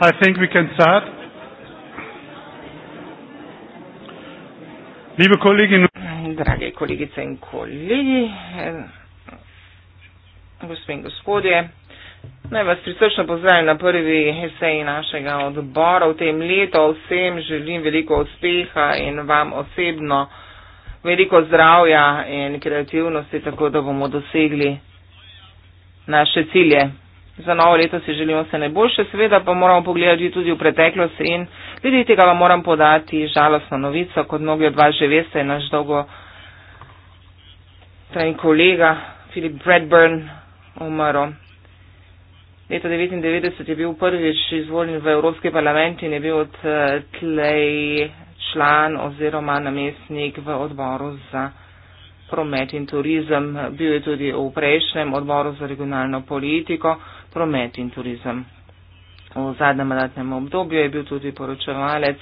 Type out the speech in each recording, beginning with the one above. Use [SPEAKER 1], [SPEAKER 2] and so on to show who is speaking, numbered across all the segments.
[SPEAKER 1] I think we can start.
[SPEAKER 2] Liebe Kolleginnen, drage kolegice in kolegi, gospe in gospodje, naj vas prisrčno pozdravim na prvi eseji našega odbora v tem letu. Vsem želim veliko uspeha in vam osebno veliko zdravja in kreativnosti, tako da bomo dosegli naše cilje. Za novo leto si želimo vse najboljše, seveda pa moramo pogledati tudi v preteklost in glede tega vam moram podati žalostno novico, kot mnogi od vas že veste, je naš dolgo trajni kolega Filip Bradburn umrl. Leta 1999 je bil prvič izvoljen v Evropski parlament in je bil od eh, tlej član oziroma namestnik v odboru za promet in turizem. Bil je tudi v prejšnjem odboru za regionalno politiko promet in turizem. V zadnjem mandatnem obdobju je bil tudi poročevalec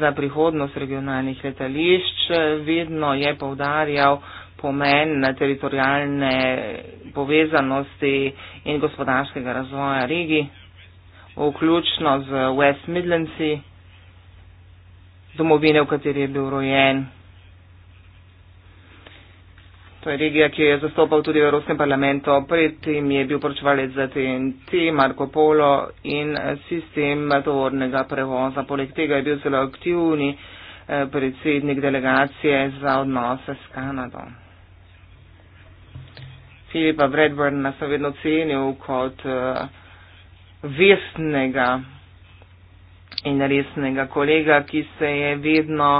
[SPEAKER 2] za prihodnost regionalnih letališč, vedno je povdarjal pomen teritorijalne povezanosti in gospodarskega razvoja regij, vključno z West Midlandsi, domovine, v kateri je bil rojen, To je regija, ki jo je zastopal tudi v Evropskem parlamentu. Predtem je bil poročevalec za TNT, Marko Polo in sistem tovornega prevoza. Poleg tega je bil zelo aktivni eh, predsednik delegacije za odnose s Kanado. Filipa Bradburn nas je vedno cenil kot eh, vestnega in resnega kolega, ki se je vedno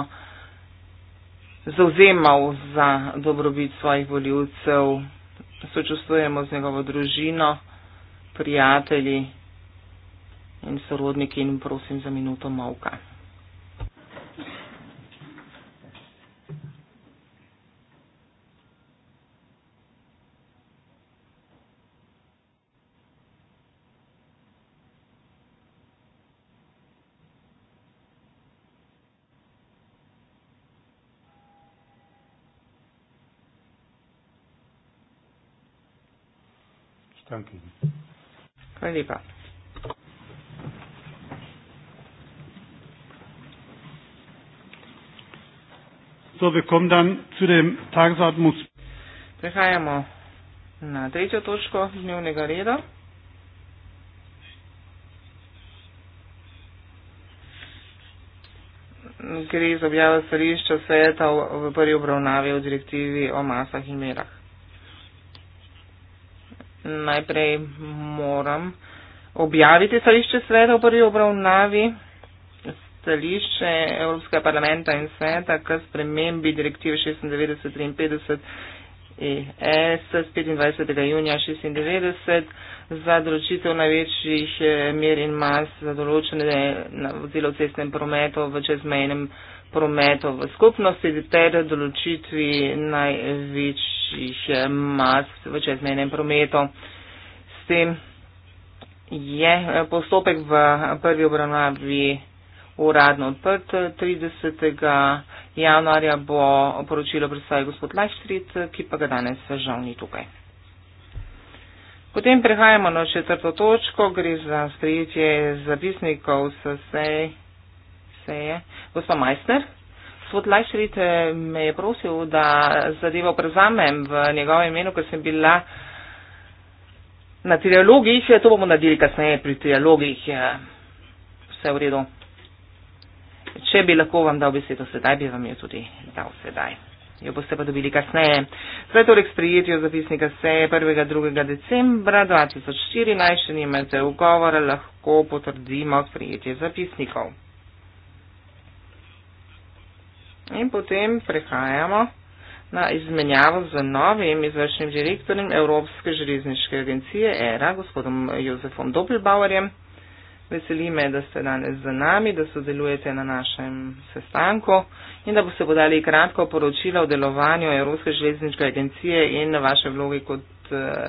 [SPEAKER 2] zauzemal za dobrobit svojih voljivcev, sočustvujemo z njegovo družino, prijatelji in sorodniki in prosim za minuto molka. Hvala lepa. Prehajamo na tretjo točko dnevnega reda. Gre za objavo stališča sveta v prvi obravnavi o direktivi o masah in merah najprej moram objaviti stališče sveta v prvi obravnavi, stališče Evropskega parlamenta in sveta k spremembi direktive 96-53-ES e z 25. junija 96 za določitev največjih eh, mer in mas za določene vozilo v cestnem prometu v čezmejnem prometu v skupnosti ter določitvi največjih jih je mas v čezmenem prometu. S tem je eh, postopek v eh, prvi obravnavi uradno odprt. 30. januarja bo poročilo predstavil gospod Lajštric, ki pa ga danes eh, žal ni tukaj. Potem prehajamo na četrto točko, gre za sprejetje zapisnikov s seje. Gospod Majster. Gospod Lajšrit me je prosil, da zadevo prevzamem v njegovem imenu, ker sem bila na trialogih, to bomo naredili kasneje pri trialogih, vse v redu. Če bi lahko vam dal besedo sedaj, bi vam jo tudi dal sedaj. Jo boste pa dobili kasneje. Zdaj torej k sprijetju zapisnika seje 1.2. decembra 2014, še nimate ugovora, lahko potrdimo sprijetje zapisnikov. In potem prehajamo na izmenjavo z novim izvršnim direktorjem Evropske železniške agencije ERA, gospodom Jozefom Doppelbauerjem. Veseli me, da ste danes z nami, da sodelujete na našem sestanku in da boste podali kratko poročilo o delovanju Evropske železniške agencije in vaše vloge kot. Uh,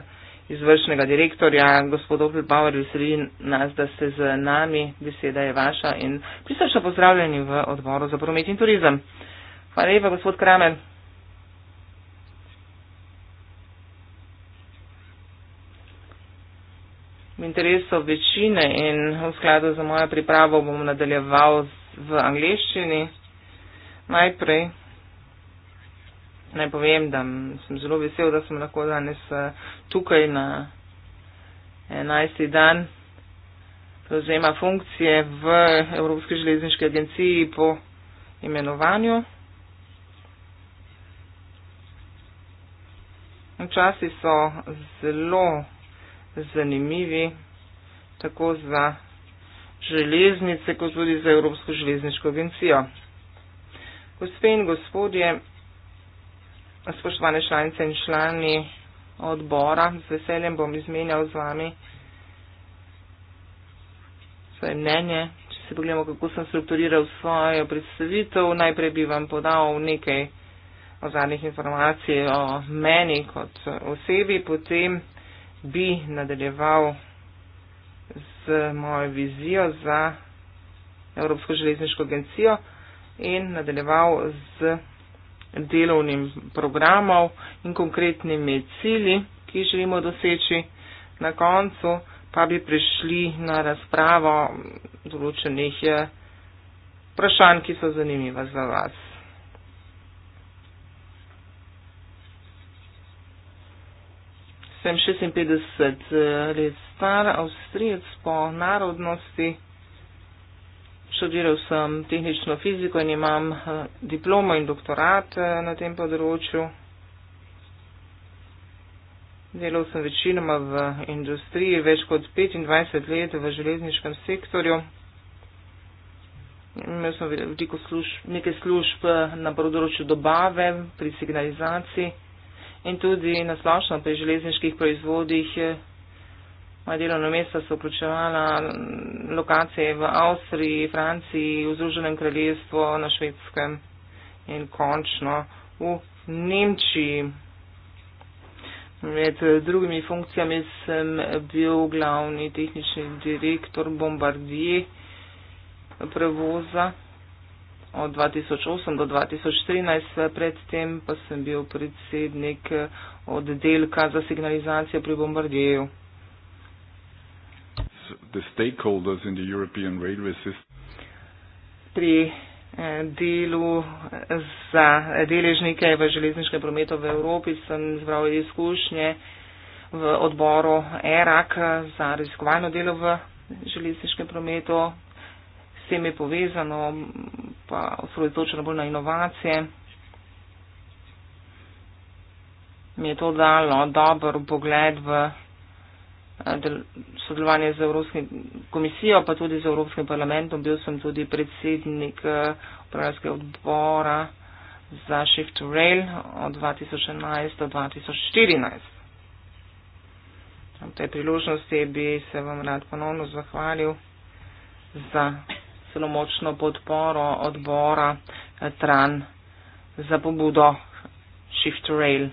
[SPEAKER 2] izvršnega direktorja, gospod Opel Bauer, veseli nas, da ste z nami, beseda je vaša in prisrčno pozdravljeni v odboru za promet in turizem. Hvala lepa, gospod Kramer. V interesu večine in v skladu za mojo pripravo bom nadaljeval v angleščini. Najprej naj povem, da sem zelo vesel, da sem lahko danes eh, tukaj na 11. dan prevzema funkcije v Evropski železniški agenciji po imenovanju. Časi so zelo zanimivi, tako za železnice, kot tudi za Evropsko železniško agencijo. Gospe in gospodje, spoštovane članice in člani odbora, z veseljem bom izmenjal z vami svoje mnenje. Če se pogledamo, kako sem strukturiral svojo predstavitev, najprej bi vam podal nekaj o zadnjih informacij o meni kot osebi, potem bi nadaljeval z mojo vizijo za Evropsko železniško agencijo in nadaljeval z delovnim programov in konkretnimi cilji, ki želimo doseči na koncu, pa bi prišli na razpravo določenih eh, vprašanj, ki so zanimiva za vas. Sem 56 eh, let star, avstrijec po narodnosti. Študiral sem tehnično fiziko in imam eh, diplomo in doktorat eh, na tem področju. Delal sem večinoma v industriji več kot 25 let v železniškem sektorju. Imel sem veliko služb, nekaj služb eh, na področju dobave, pri signalizaciji in tudi na splošno pri železniških proizvodih Moja delovna mesta so vključevala lokacije v Avstriji, Franciji, v Združenem kraljestvu, na švedskem in končno v Nemčiji. Med drugimi funkcijami sem bil glavni tehnični direktor Bombardier prevoza od 2008 do 2013, predtem pa sem bil predsednik oddelka za signalizacijo pri Bombardieru
[SPEAKER 1] the stakeholders in the European railway system?
[SPEAKER 2] Pri eh, delu eh, za deležnike v železniškem prometu v Evropi sem zbral izkušnje v odboru ERAK za raziskovalno delo v železniškem prometu. S tem je povezano, pa osredotočeno bolj na inovacije. Mi je to dalo dober pogled v sodelovanje z Evropskim komisijo, pa tudi z Evropskim parlamentom. Bil sem tudi predsednik upravljanskega odbora za Shift to Rail od 2011 do 2014. Ob tej priložnosti bi se vam rad ponovno zahvalil za zelo močno podporo odbora TRAN za pobudo Shift to Rail,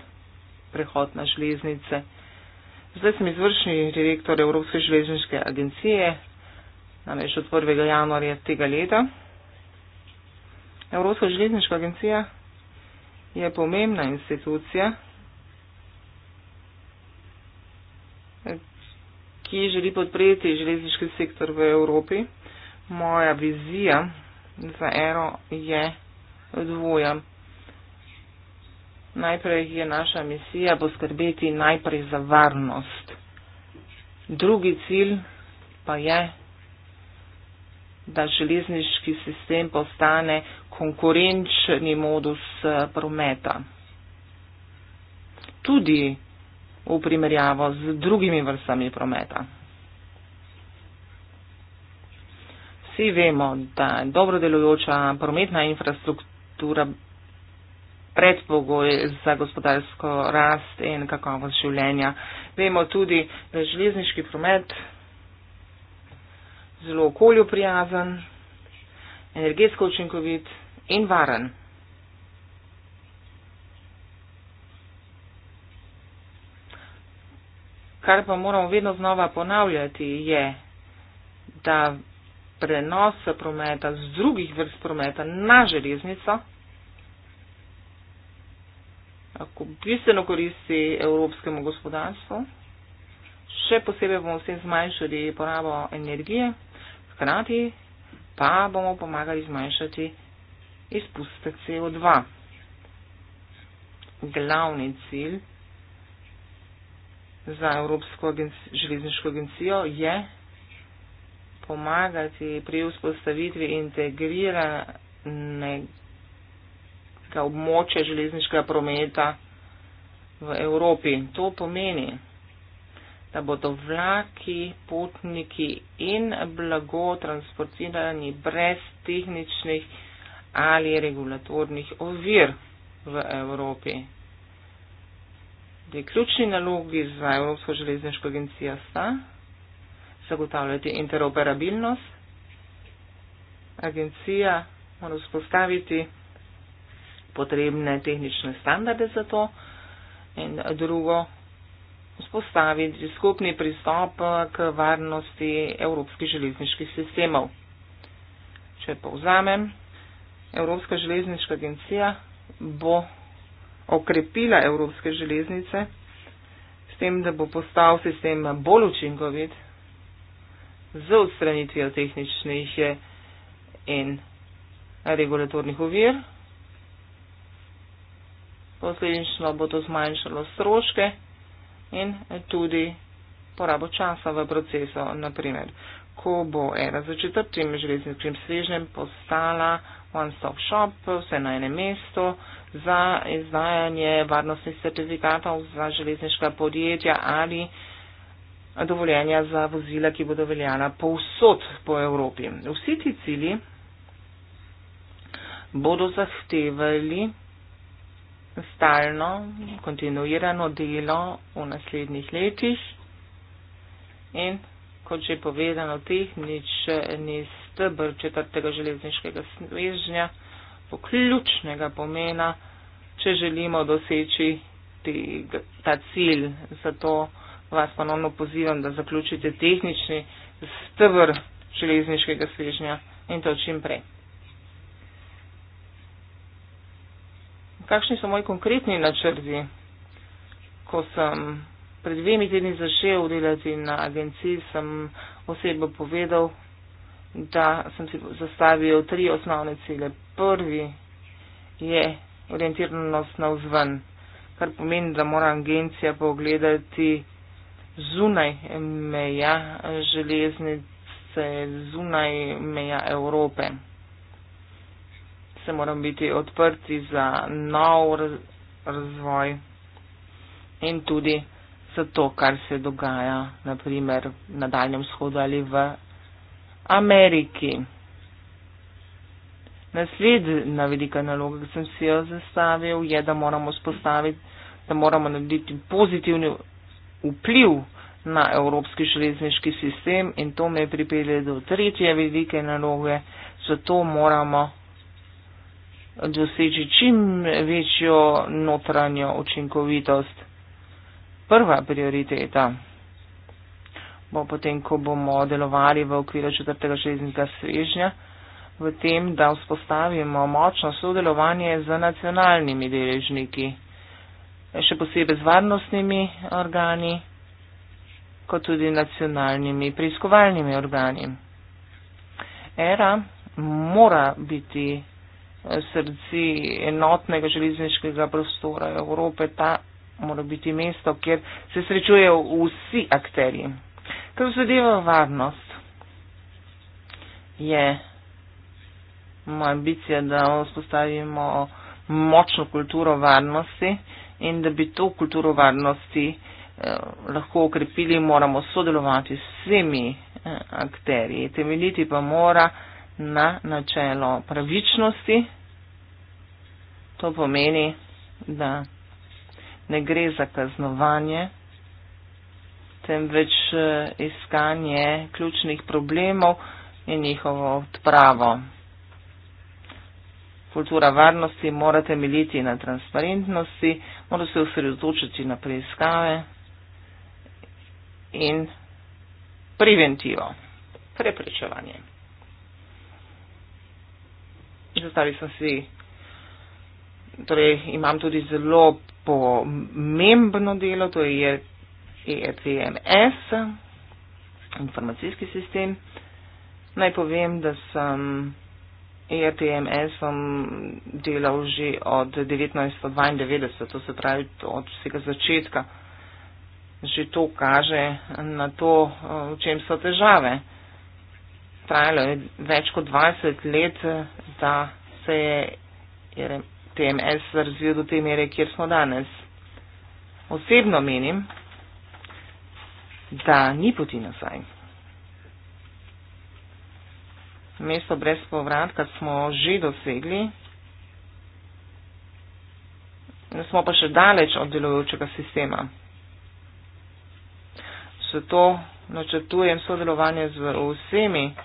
[SPEAKER 2] prehod na železnice. Zdaj sem izvršni direktor Evropske železniške agencije, namreč od 1. januarja tega leta. Evropska železniška agencija je pomembna institucija, ki želi podpreti železniški sektor v Evropi. Moja vizija za ERO je dvoja najprej je naša misija poskrbeti najprej za varnost. Drugi cilj pa je, da železniški sistem postane konkurenčni modus eh, prometa. Tudi v primerjavo z drugimi vrstami prometa. Vsi vemo, da dobro delujoča prometna infrastruktura predpogoj za gospodarsko rast in kakovost življenja. Vemo tudi, da je železniški promet zelo okolju prijazen, energetsko učinkovit in varen. Kar pa moramo vedno znova ponavljati je, da prenos prometa z drugih vrst prometa na železnico ko bistveno koristi evropskemu gospodarstvu. Še posebej bomo s tem zmanjšali porabo energije, hkrati pa bomo pomagali zmanjšati izpuste CO2. Glavni cilj za Evropsko agenci železniško agencijo je pomagati pri vzpostavitvi integriranega skratka območje železniškega prometa v Evropi. To pomeni, da bodo vlaki, potniki in blago transportirani brez tehničnih ali regulatornih ovir v Evropi. Dve ključni nalogi za Evropsko železniško agencijo sta zagotavljati interoperabilnost. Agencija mora vzpostaviti potrebne tehnične standarde za to. In drugo, vzpostaviti skupni pristop eh, k varnosti evropskih železniških sistemov. Če povzamem, Evropska železniška agencija bo okrepila evropske železnice s tem, da bo postal sistem bolj učinkovit z odstranitvijo tehničnih eh, in regulatornih uvir, posledično bo to zmanjšalo stroške in tudi porabo časa v procesu. Naprimer, ko bo era za četrtim železničnim svežnjem postala one-stop shop, vse na enem mestu, za izdajanje varnostnih certifikatov za železniška podjetja ali dovoljenja za vozila, ki bodo veljala povsod po Evropi. Vsi ti cili bodo zahtevali stalno, kontinuirano delo v naslednjih letih. In kot že povedano, tehnič ni stebr četrtega železniškega svežnja, poključnega pomena, če želimo doseči tega, ta cilj. Zato vas ponovno pozivam, da zaključite tehnični stebr železniškega svežnja in to čim prej. kakšni so moji konkretni načrti, ko sem pred dvemi tedni začel delati na agenciji, sem osebo povedal, da sem si zastavil tri osnovne cilje. Prvi je orientiranost na vzven, kar pomeni, da mora agencija pogledati zunaj meja železnice, zunaj meja Evrope se moramo biti odprti za nov razvoj in tudi za to, kar se dogaja naprimer na Daljem vzhodu ali v Ameriki. Naslednja velika naloga, ki sem si jo zastavil, je, da moramo spostaviti, da moramo narediti pozitivni vpliv na evropski železniški sistem in to me pripelje do tretje velike naloge, zato moramo doseči čim večjo notranjo učinkovitost. Prva prioriteta bo potem, ko bomo delovali v okviru četrtega železnega svežnja, v tem, da vzpostavimo močno sodelovanje z nacionalnimi deležniki, še posebej z varnostnimi organi, kot tudi nacionalnimi preiskovalnimi organi. ERA mora biti srci enotnega železniškega prostora Evrope, ta mora biti mesto, kjer se srečujejo vsi akteri. Kar zadeva varnost, je moja ambicija, da vzpostavimo močno kulturo varnosti in da bi to kulturo varnosti eh, lahko okrepili, moramo sodelovati s vsemi eh, akterji. Temeljiti pa mora na načelo pravičnosti. To pomeni, da ne gre za kaznovanje, temveč eh, iskanje ključnih problemov in njihovo odpravo. Kultura varnosti mora temeljiti na transparentnosti, mora se osredotočiti na preiskave in preventivo, preprečevanje zastavi sem si, torej imam tudi zelo pomembno delo, to je ETMS, e informacijski sistem. Naj povem, da sem ETMS e delal že od 1992, to se pravi od vsega začetka. Že to kaže na to, v čem so težave trajalo je več kot 20 let, eh, da se je TMS razvil do te mere, kjer smo danes. Osebno menim, da ni poti nazaj. Mesto brez povratka smo že dosegli, smo pa še daleč od delujočega sistema. Zato načrtujem sodelovanje z vsemi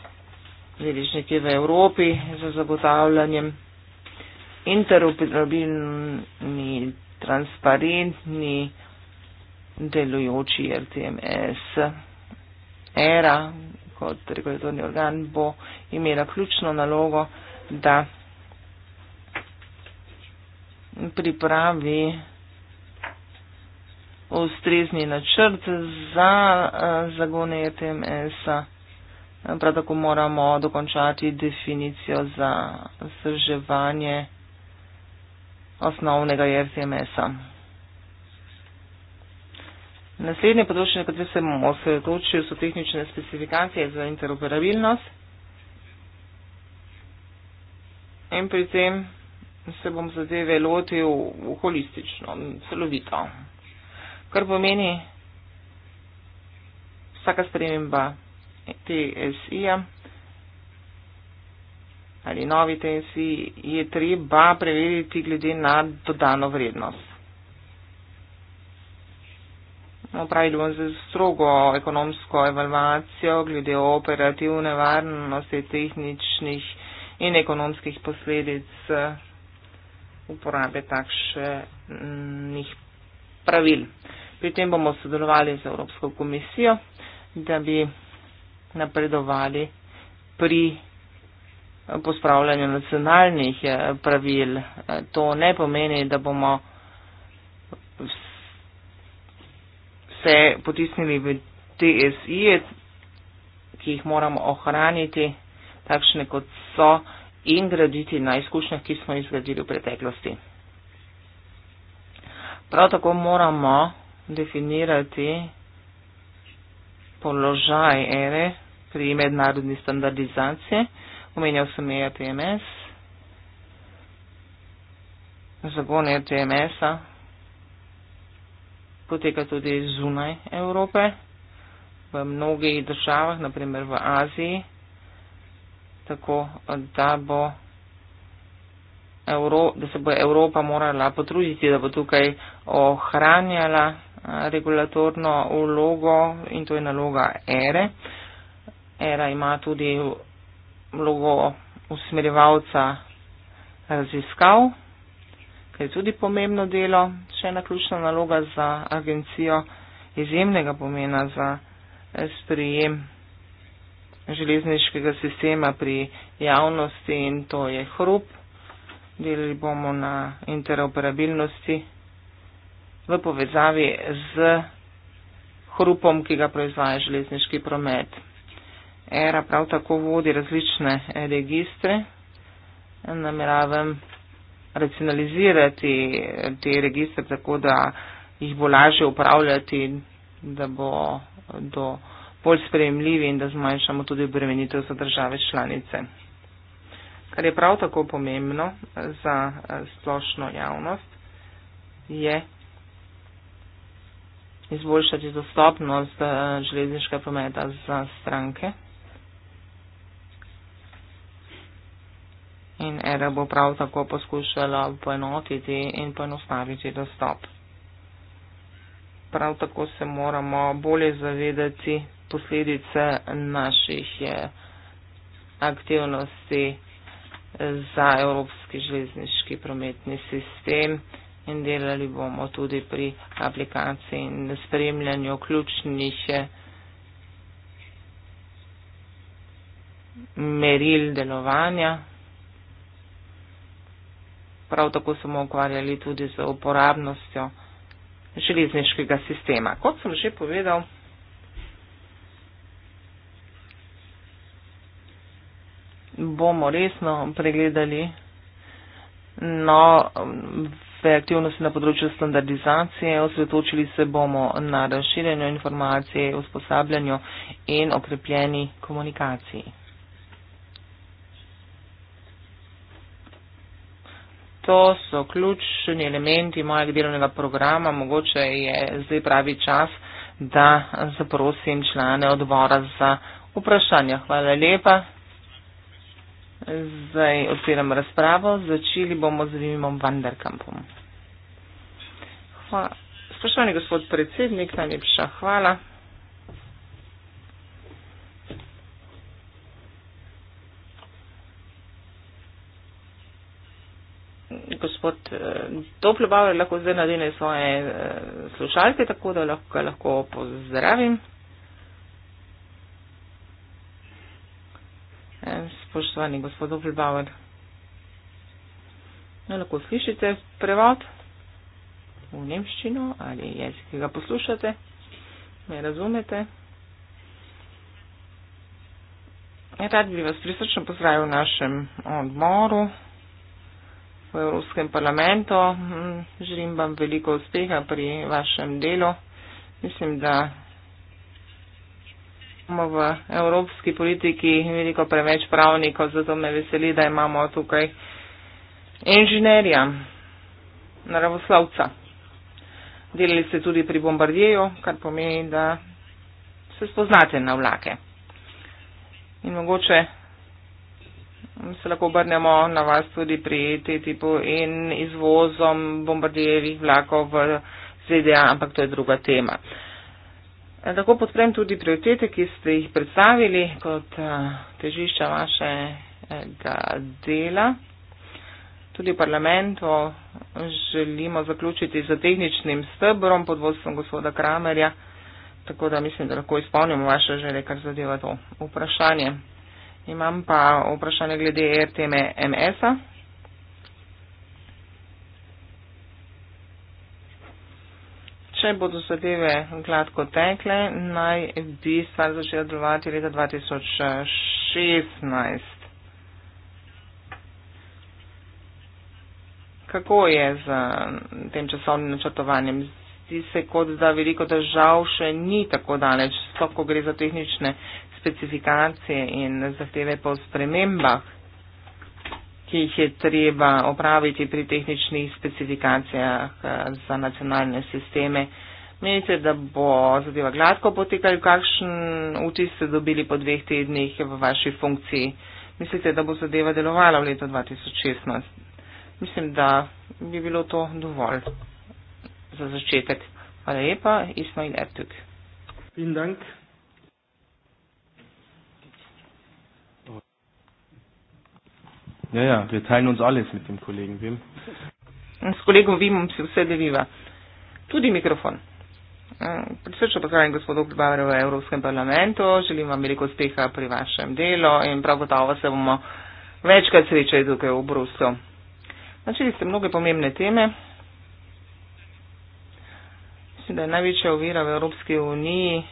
[SPEAKER 2] deležniki v Evropi za zagotavljanjem interoperabilni, transparentni, delujoči RTMS. ERA kot regulatorni organ bo imela ključno nalogo, da pripravi ustrezni načrt za eh, zagone TMS-a. Eh, prav tako moramo dokončati definicijo za vzdrževanje osnovnega RTMS-a. Naslednje področje, na katero se bomo osredotočili, so tehnične specifikacije za interoperabilnost. In pri tem se bom zadeve lotil holistično, celovito kar pomeni vsaka sprememba TSI-ja ali novi TSI, je treba preveriti glede na dodano vrednost. Opravili no, bomo zdaj strogo ekonomsko evalvacijo glede operativne varnosti tehničnih in ekonomskih posledic uporabe takšnih pravil. Pri tem bomo sodelovali z Evropsko komisijo, da bi napredovali pri pospravljanju nacionalnih eh, pravil. Eh, to ne pomeni, da bomo se potisnili v TSI, ki jih moramo ohraniti takšne, kot so in graditi na izkušnjah, ki smo jih zgradili v preteklosti. Prav tako moramo definirati položaj ere pri mednarodni standardizaciji. Omenjal sem ERTMS, zagon ERTMS-a poteka tudi zunaj Evrope, v mnogih državah, naprimer v Aziji, tako da bo. Evro, da se bo Evropa morala potruditi, da bo tukaj ohranjala regulatorno vlogo in to je naloga ERE. ERA ima tudi vlogo usmerjevalca raziskav, kar je tudi pomembno delo, še ena ključna naloga za agencijo izjemnega pomena za sprijem železniškega sistema pri javnosti in to je hrup. Delili bomo na interoperabilnosti v povezavi z hrupom, ki ga proizvaja železniški promet. ERA prav tako vodi različne eh, registre. Nameravam racionalizirati eh, te registre tako, da jih bo lažje upravljati, da bo eh, do bolj sprejemljivi in da zmanjšamo tudi obremenitev za države članice. Kar je prav tako pomembno za splošno javnost, je izboljšati dostopnost eh, železniškega prometa za stranke. In ERA bo prav tako poskušala poenotiti in poenostaviti dostop. Prav tako se moramo bolje zavedati posledice naših eh, aktivnosti za evropski železniški prometni sistem in delali bomo tudi pri aplikaciji in spremljanju ključnih eh, meril delovanja. Prav tako smo ukvarjali tudi z uporabnostjo železniškega sistema. Kot sem že povedal, bomo resno pregledali no, vse aktivnosti na področju standardizacije, osredotočili se bomo na razširjanju informacije, usposabljanju in okrepljeni komunikaciji. To so ključni elementi mojega delovnega programa. Mogoče je zdaj pravi čas, da zaprosim člane odbora za vprašanja. Hvala lepa. Zdaj odpiram razpravo. Začeli bomo z Vimom Vanderkampom. Spoštovani gospod predsednik, najlepša hvala. Gospod eh, Toplobauer lahko zdaj nadene svoje eh, slušalke, tako da lahko, ga lahko pozdravim spoštovani gospod Obribauer. No, lahko slišite prevod v nemščino ali jezik, ki ga poslušate, me razumete. Rad bi vas prisrčno pozdravil v našem odmoru v Evropskem parlamentu. Hm, želim vam veliko uspeha pri vašem delu. Mislim, da smo v evropski politiki veliko preveč pravnikov, zato me veseli, da imamo tukaj inženirja, naravoslavca. Delali ste tudi pri bombardiju, kar pomeni, da se spoznate na vlake. In mogoče se lahko obrnemo na vas tudi pri TTIP-u in izvozom bombardijevih vlakov v ZDA, ampak to je druga tema. Uh, Tako podprem tudi prioritete, ki ste jih predstavili kot eh, težišča vašega dela. Tudi v parlamentu želimo zaključiti za tehničnim stebrom pod vodstvom gospoda Kramerja, tako da mislim, da lahko izpolnimo vaše želje, kar zadeva to vprašanje. Imam pa vprašanje glede RTM-a. E Če bodo zadeve gladko tekle, naj bi stvar začela delovati leta 2016. Kako je z mm, tem časovnim načrtovanjem? Zdi se, kot da veliko držav še ni tako daleč, sploh ko gre za tehnične specifikacije in zahteve po spremembah ki jih je treba opraviti pri tehničnih specifikacijah eh, za nacionalne sisteme. Menite, da bo zadeva gladko potekala, kakšen vtis ste dobili po dveh tednih v vaši funkciji? Mislite, da bo zadeva delovala v letu 2016? Mislim, da bi bilo to dovolj za začetek. Hvala lepa, Ismail Ertug. Vielen Dank. Ja, ja, wir
[SPEAKER 3] teilen uns alles mit dem Kollegen Wim.
[SPEAKER 2] S kolegom Wimom si vse deliva. Tudi mikrofon. Eh, prisrčno pozdravljam gospodu Gbavre v Evropskem parlamentu, želim vam veliko uspeha pri vašem delu in prav gotovo se bomo večkrat srečali tukaj v Bruslju. Načeli ste mnoge pomembne teme. Mislim, da je največja ovira v Evropski uniji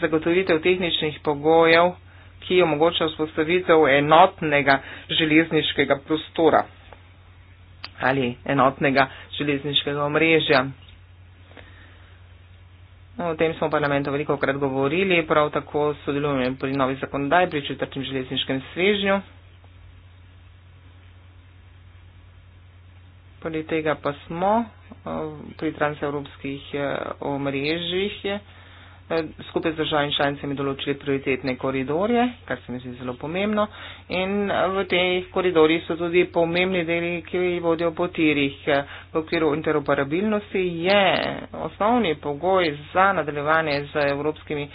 [SPEAKER 2] zagotovitev tehničnih pogojev, ki omogoča vzpostavitev enotnega železniškega prostora ali enotnega železniškega omrežja. No, o tem smo v parlamentu veliko krat govorili, prav tako sodelujemo pri novi zakonodaji, pri četrtem železniškem svežnju. Poleg tega pa smo eh, pri transevropskih eh, omrežjih. Je, Eh, skupaj z državami članicami določili prioritetne koridorje, kar se mi zdi zelo pomembno. In eh, v teh koridorjih so tudi pomembni deli, ki vodijo po tirih. Eh, v okviru interoperabilnosti je osnovni pogoj za nadaljevanje z evropskimi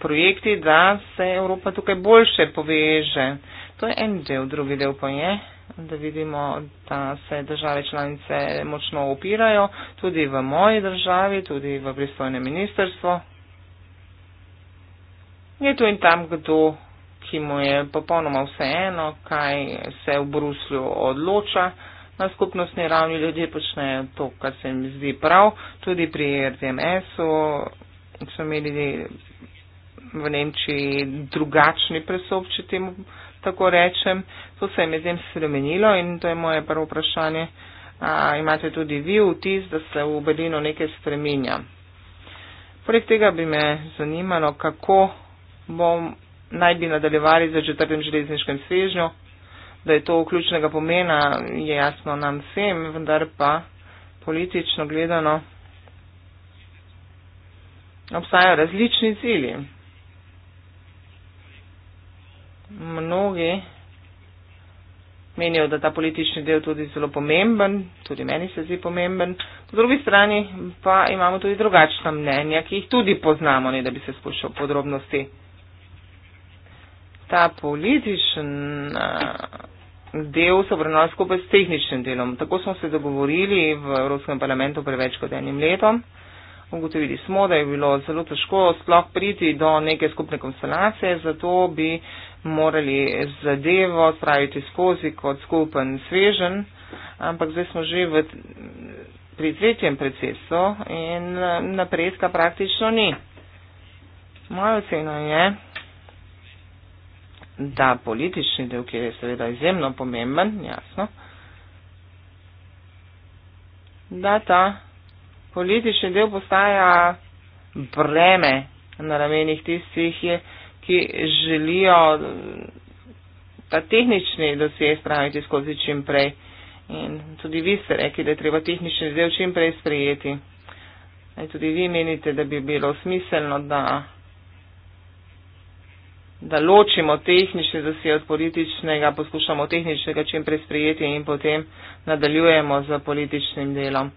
[SPEAKER 2] projekti, da se Evropa tukaj boljše poveže. To je en del, drugi del pa je da vidimo, da se države članice močno opirajo, tudi v moji državi, tudi v pristojne ministerstvo, je tu in tam kdo, ki mu je popolnoma vseeno, kaj se v Bruslju odloča. Na skupnostni ravni ljudje počnejo to, kar se jim zdi prav. Tudi pri RDMS-u so imeli v Nemčiji drugačni presob, če temu tako rečem. To se jim je zdaj spremenilo in to je moje prvo vprašanje. A, imate tudi vi vtis, da se v Berlinu nekaj spreminja? Poleg tega bi me zanimalo, kako bom, naj bi nadaljevali za četrtem železniškem svežnju. Da je to ključnega pomena, je jasno nam vsem, vendar pa politično gledano obstajajo različni cilji. Mnogi menijo, da ta politični del tudi zelo pomemben, tudi meni se zdi pomemben. Po drugi strani pa imamo tudi drugačna mnenja, ki jih tudi poznamo, ne da bi se spuščal podrobnosti ta političen uh, del se obravnaval skupaj s tehničnim delom. Tako smo se dogovorili v Evropskem parlamentu pred več kot enim letom. Ugotovili smo, da je bilo zelo težko sploh priti do neke skupne konstelacije, zato bi morali zadevo spraviti skozi kot skupen svežen, ampak zdaj smo že v, pri tretjem predsedstvu in eh, napredka praktično ni. Moja ocena je da politični del, ki je seveda izjemno pomemben, jasno, da ta politični del postaja breme na ramenih tistih, ki želijo ta tehnični dosje spraviti skozi čim prej. In tudi vi ste rekli, da je treba tehnični del čim prej sprejeti. In tudi vi menite, da bi bilo smiselno, da da ločimo tehnični dosje od političnega, poskušamo tehničnega čim prej sprejeti in potem nadaljujemo z političnim delom.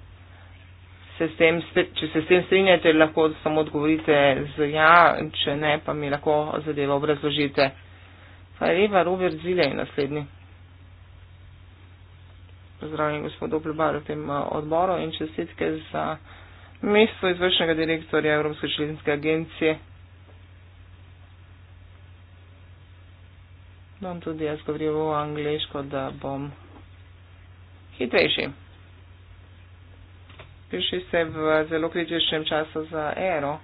[SPEAKER 2] Se tem, če se s tem strinjate, lahko samo odgovorite z ja, če ne, pa mi lahko zadevo obrazložite. Pa je Eva Robert Zile in naslednji. Pozdravljen gospodu Plebaru v tem eh, odboru in čestitke za mesto izvršnega direktorja Evropske železniške agencije. bom no, tudi jaz govoril angliško, da bom hitrejši. Piši se v zelo kritičnem času za ero.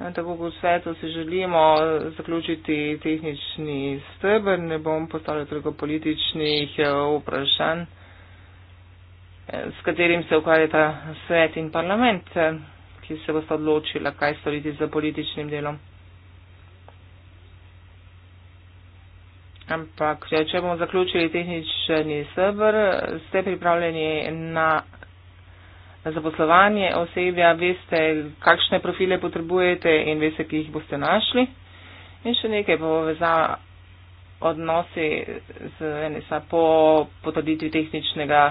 [SPEAKER 2] In tako kot svetu si želimo zaključiti tehnični stebr, ne bom postavljal toliko političnih eh, vprašanj, eh, s katerim se ukvarjata svet in parlament, eh, ki se bosta odločila, kaj storiti za političnim delom. Ampak, če bomo zaključili tehnični server, ste pripravljeni na zaposlovanje osebja, veste, kakšne profile potrebujete in veste, ki jih boste našli. In še nekaj povezava odnosi z NSA po potrditvi tehničnega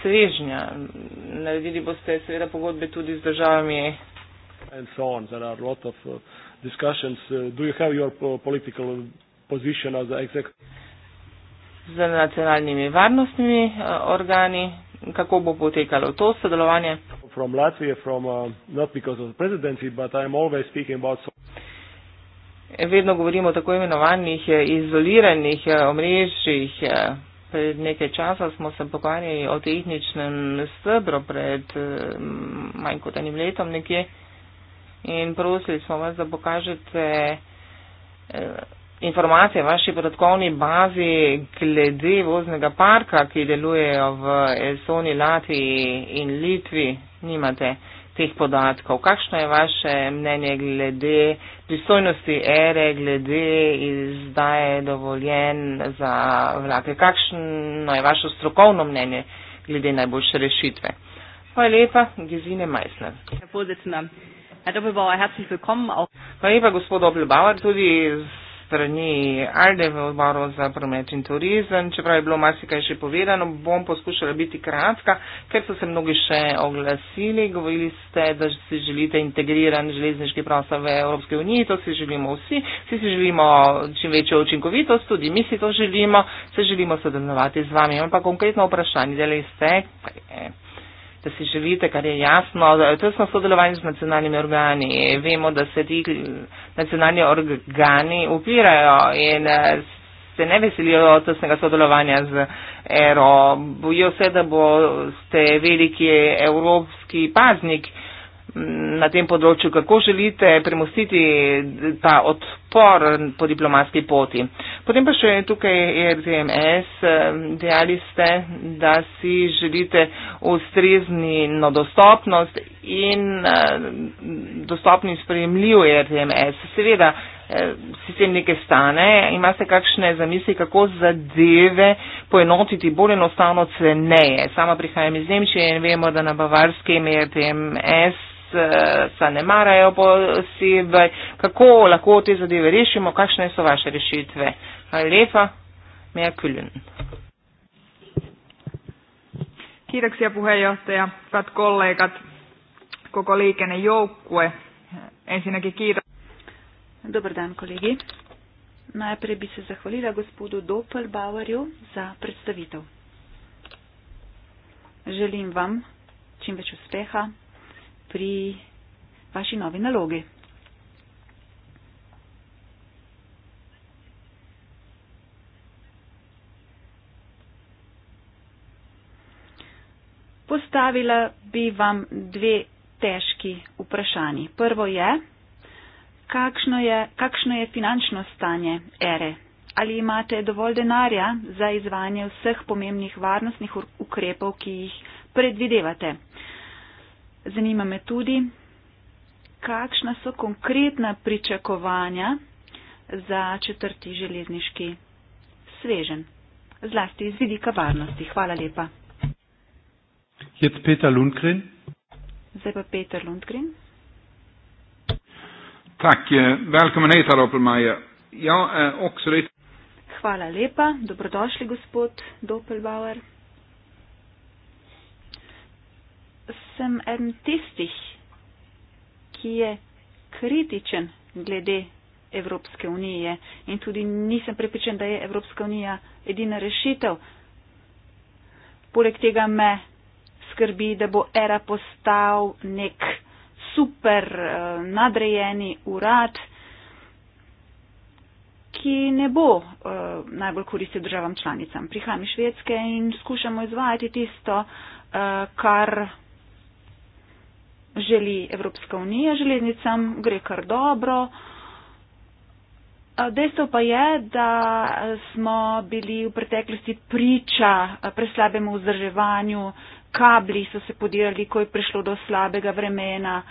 [SPEAKER 2] svežnja. Naredili boste seveda pogodbe tudi z državami. And so on, there are a lot of uh, discussions, uh, do you have your po political position as the executive? Z nacionalnimi varnostnimi uh, organi, kako bo potekalo to sodelovanje? From Latvia, from, uh, not because of the presidency, but I'm always speaking about so Vedno govorimo o tako imenovanih uh, izoliranih uh, omrežjih. Uh, pred nekaj časa smo se pogovarjali o tehničnem stebru pred um, manj kot enim letom nekje in prosili smo vas, da pokažete eh, informacije o vaši podatkovni bazi glede voznega parka, ki delujejo v Estoni, Latviji in Litvi. Nimate teh podatkov. Kakšno je vaše mnenje glede pristojnosti ere, glede izdaje dovoljen za vlake? Kakšno je vaše strokovno mnenje glede najboljše rešitve? Hvala lepa, Gizine Majsner. Ja, Herr Doppelbauer, herzlich willkommen auch. Lieber Gospod Doppelbauer, tudi strani Alde v odboru za promet in turizem, čeprav je bilo marsikaj še povedano, bom poskušala biti kratka, ker so se mnogi še oglasili, govorili ste, da si želite integriran železniški prostor v Evropske unije, to si želimo vsi, vsi si želimo čim večjo učinkovitost, tudi mi si to želimo, se želimo sodelovati z vami, ampak konkretno vprašanje, delali ste, da si želite, kar je jasno. To smo sodelovali z nacionalnimi organi. Vemo, da se ti nacionalni organi upirajo in se ne veselijo tesnega sodelovanja z ERO. Bojijo se, da boste veliki evropski paznik na tem področju, kako želite premustiti ta odpor po diplomatski poti. Potem pa še tukaj RTMS, dejali ste, da si želite ustrezni na no, dostopnost in eh, dostopni in sprejemljiv RTMS. Seveda, eh, sistem neke stane, imate kakšne zamisli, kako zadeve poenotiti bolj enostavno ceneje. Sama prihajam iz Nemčije in vemo, da na bavarskem RTMS eh, se ne marajo posebej. Kako lahko te zadeve rešimo, kakšne so vaše rešitve? Hvala lepa. Mea kyllyn. Kiitoksia puheenjohtaja, hyvät kollegat,
[SPEAKER 1] koko liikennejoukkue. Ensinnäkin kiitos. Dobrodan kollegi. Najprej bi se zahvalila gospodu Doppelbauerju za predstavitev. Želim vam čim več uspeha pri vaši novi nalogi. Postavila bi vam dve težki vprašanji. Prvo je, kakšno je, kakšno je finančno stanje ere? Ali imate dovolj denarja za izvanje vseh pomembnih varnostnih ukrepov, ki jih predvidevate? Zanima me tudi, kakšna so konkretna pričakovanja za četrti železniški svežen, zlasti iz vidika varnosti. Hvala lepa. Jetzt Peter Lundgren. Zdaj pa Peter Lundgren.
[SPEAKER 2] Tak, eh, welkom hit, Doppelmeier. Ja, eh,
[SPEAKER 1] Hvala lepa, dobrodošli gospod Doppelbauer. Sem eden tistih, ki je kritičen glede Evropske unije in tudi nisem prepričan, da je Evropska unija edina rešitev. Poleg tega me skrbi, da bo era postal nek super eh, nadrejeni urad, ki ne bo eh, najbolj koristil državam članicam. Priham iz Švedske in skušamo izvajati tisto, eh, kar želi Evropska unija železnicam, gre kar dobro. Dejstvo pa je, da smo bili v preteklosti priča preslabemu vzdrževanju kabli so se podirali, ko je prišlo do slabega vremena,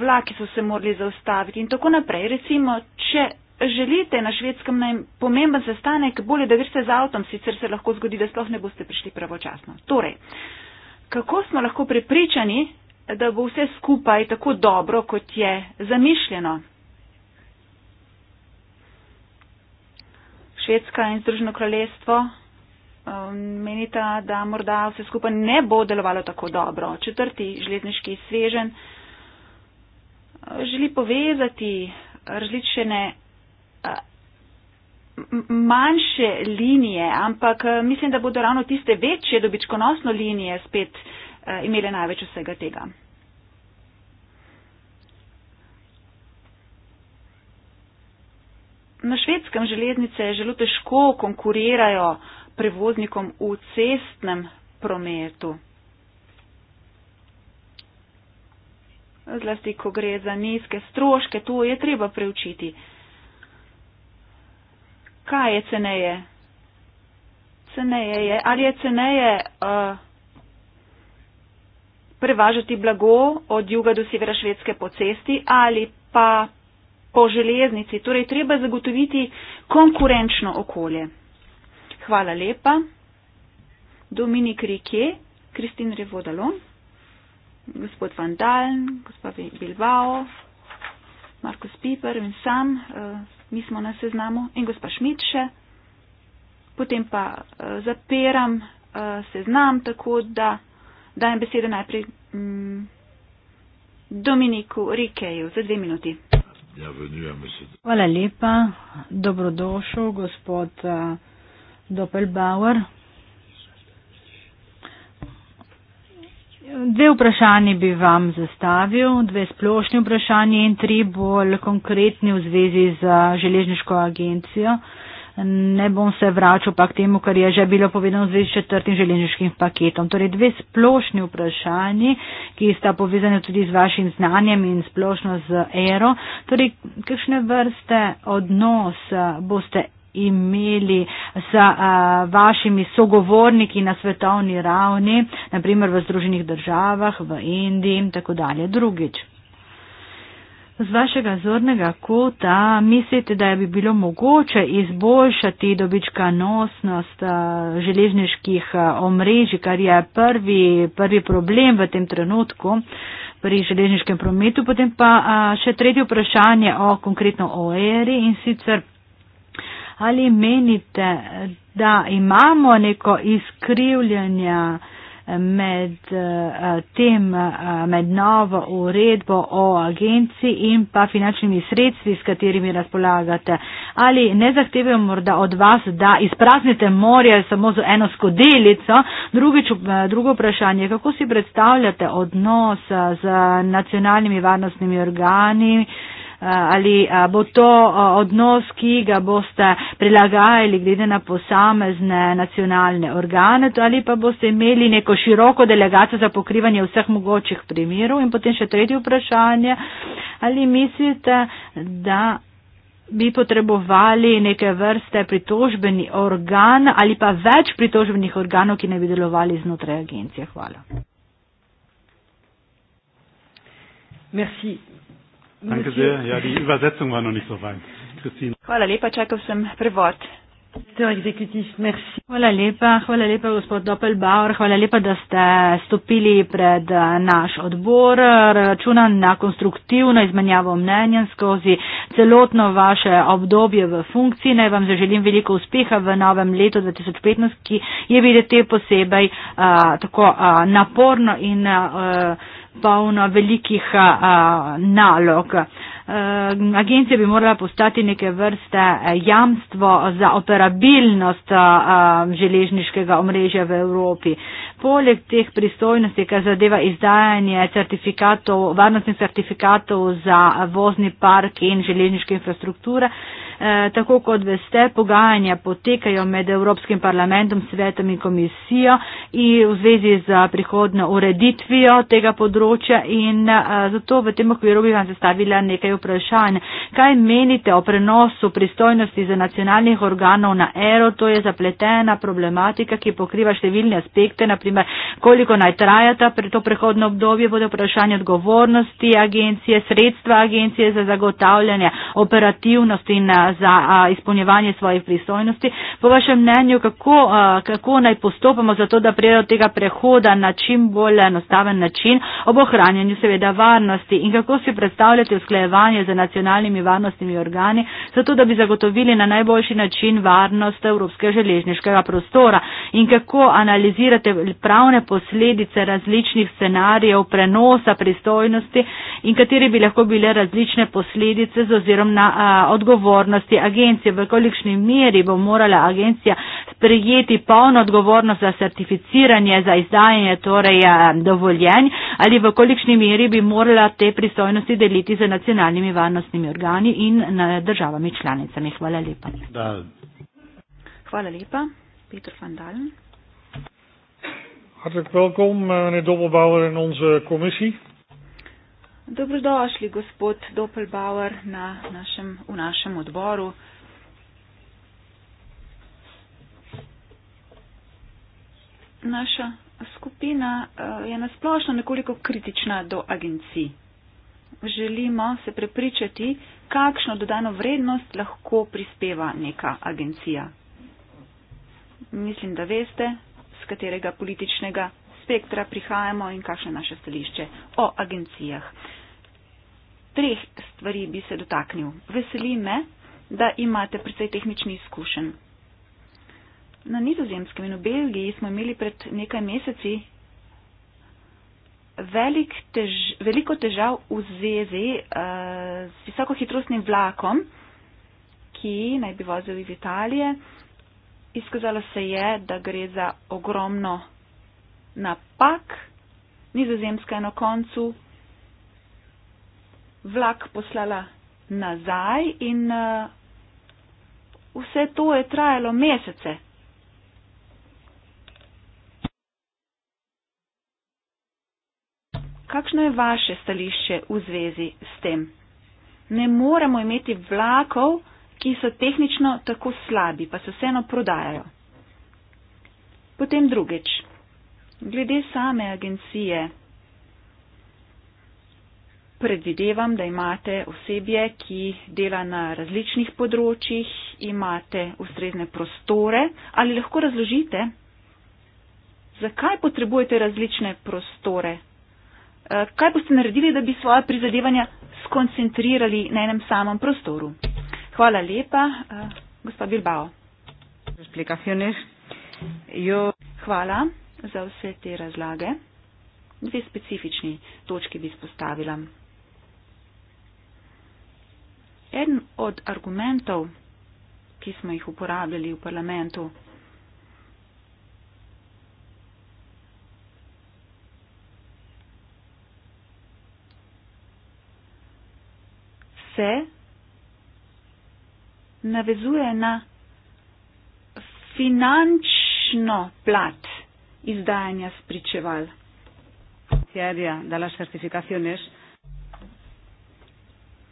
[SPEAKER 1] vlaki so se morali zaustaviti in tako naprej. Recimo, če želite na švedskem najem pomemben sestanek, bolje, da greste z avtom, sicer se lahko zgodi, da sploh ne boste prišli pravočasno. Torej, kako smo lahko prepričani, da bo vse skupaj tako dobro, kot je zamišljeno? Švedska in Združeno kraljestvo Ehm, menita, da morda vse skupaj ne bo delovalo tako dobro. Četrti železniški svežen eh, želi povezati različne eh, manjše linije, ampak eh, mislim, da bodo ravno tiste večje dobičkonosno linije spet imele največ vsega tega. Na švedskem železnice želo težko konkurirajo uh, prevoznikom v cestnem prometu. Zlasti, ko gre za nizke stroške, to je treba preučiti. Kaj je ceneje? Ceneje je, ali je ceneje uh, prevažati blago od juga do severa Švedske po cesti ali pa po železnici. Torej, treba zagotoviti konkurenčno okolje. Hvala lepa. Dominik Rike, Kristin Revodalon, gospod Vandal, gospod Bilbao, Marko Spiper in sam, eh, mi smo na seznamu in gospa Šmitše. Potem pa eh, zapiram eh, seznam, tako da dajem besedo najprej mm,
[SPEAKER 3] Dominiku Rikeju za dve minuti. Ja, Hvala lepa, dobrodošel gospod. Doppelbauer. Dve vprašanji bi vam zastavil, dve splošni vprašanji in tri bolj konkretni v zvezi z železniško agencijo. Ne bom se vračal pa k temu, kar je že bilo povedano v zvezi s četrtim železniškim paketom. Torej dve splošni vprašanji, ki sta povezane tudi z vašim znanjem in splošno z ERO. Torej, kakšne vrste odnos boste imeli z vašimi sogovorniki na svetovni ravni, naprimer v Združenih državah, v Indiji in tako dalje. Drugič, z vašega zornega kota mislite, da bi bilo mogoče izboljšati dobička nosnost železniških omrežij, kar je prvi, prvi problem v tem trenutku pri železniškem prometu, potem pa še tretje vprašanje o konkretno o eri in sicer ali menite, da imamo neko izkrivljanje med eh, tem, eh, med novo uredbo o agenciji in pa finančnimi sredstvi, s katerimi razpolagate? Ali ne zahtevajo morda od vas, da izpraznite morje samo z eno skodelico? Drugič, eh, drugo vprašanje, kako si predstavljate odnos z nacionalnimi varnostnimi organi? Eh, ali eh, bo to eh, odnos, ki ga boste prilagajali glede na posamezne nacionalne organe, ali pa boste imeli neko široko delegacijo za pokrivanje vseh mogočih primerov. In potem še tretje vprašanje, ali mislite, da bi potrebovali neke vrste pritožbeni organ ali pa več pritožbenih organov, ki ne bi delovali znotraj agencije. Hvala. Merci. Danke sehr. Ja, die
[SPEAKER 1] Übersetzung war noch nicht so weit. Christine.
[SPEAKER 3] Hvala lepa, čakal sem prevod. Hvala lepa, hvala lepa, gospod Doppelbauer, hvala lepa, da ste stopili pred eh, naš odbor. Računam na konstruktivno izmenjavo mnenja skozi celotno vaše obdobje v funkciji. Naj vam zaželim veliko uspeha v novem letu 2015, ki je videti posebej uh, tako uh, naporno in. Uh, polno velikih nalog. E, agencija bi morala postati neke vrste e, jamstvo za operabilnost železniškega omrežja v Evropi. Poleg teh pristojnosti, kar zadeva izdajanje certifikatov, varnostnih certifikatov za vozni park in železniške infrastrukture, Eh, tako kot veste, pogajanja potekajo med Evropskim parlamentom, svetom in komisijo in v zvezi z prihodno ureditvijo tega področja in eh, zato v tem okviru bi vam zastavila nekaj vprašanj. Kaj menite o prenosu pristojnosti za nacionalnih organov na ERO? To je zapletena problematika, ki pokriva številne aspekte, naprimer koliko naj trajata pre to prehodno obdobje, bodo vprašanje odgovornosti agencije, sredstva agencije za zagotavljanje operativnosti in eh, za a, izpolnjevanje svojih pristojnosti. Po vašem mnenju, kako, a, kako naj postopamo za to, da prije do tega prehoda na čim bolj enostaven način ob ohranjanju seveda varnosti in kako si predstavljate usklejevanje z nacionalnimi varnostnimi organi, zato da bi zagotovili na najboljši način varnost Evropskega železniškega prostora in kako analizirate pravne posledice različnih scenarijev prenosa pristojnosti in kateri bi lahko bile različne posledice z ozirom na a, odgovornost odgovornosti agencije, v kolikšni meri bo morala agencija sprejeti polno odgovornost za certificiranje, za izdajanje torej, eh, dovoljenj ali v kolikšni meri bi morala te pristojnosti deliti z nacionalnimi varnostnimi organi in eh, državami članicami. Hvala lepa.
[SPEAKER 1] Hvala lepa. Peter van Dalen.
[SPEAKER 3] Hartelijk welkom, eh, meneer Dobbelbouwer, in onze commissie.
[SPEAKER 1] Dobrodošli, gospod Doppelbauer, na našem, v našem odboru. Naša skupina eh, je nasplošno nekoliko kritična do agencij. Želimo se prepričati, kakšno dodano vrednost lahko prispeva neka agencija. Mislim, da veste, z katerega političnega spektra prihajamo in kakšno je naše stališče o agencijah treh stvari bi se dotaknil. Veseli me, da imate precej tehnični izkušen. Na nizozemskem in v Belgiji smo imeli pred nekaj meseci velik tež, veliko težav v zvezi uh, z visokohitrostnim vlakom, ki naj bi vozil iz Italije. Izkazalo se je, da gre za ogromno napak. Nizozemska je na koncu vlak poslala nazaj in uh, vse to je trajalo mesece. Kakšno je vaše stališče v zvezi s tem? Ne moremo imeti vlakov, ki so tehnično tako slabi, pa se vseeno prodajajo. Potem drugič. Glede same agencije predvidevam, da imate osebje, ki dela na različnih področjih, imate ustrezne prostore. Ali lahko razložite, zakaj potrebujete različne prostore? Eh, kaj boste naredili, da bi svoje prizadevanja skoncentrirali na enem samem prostoru? Hvala lepa, eh, gospod Bilbao. Hvala za vse te razlage. Dve specifični točki bi izpostavila. Eden od argumentov, ki smo jih uporabljali v parlamentu, se navezuje na finančno plat izdajanja spričeval.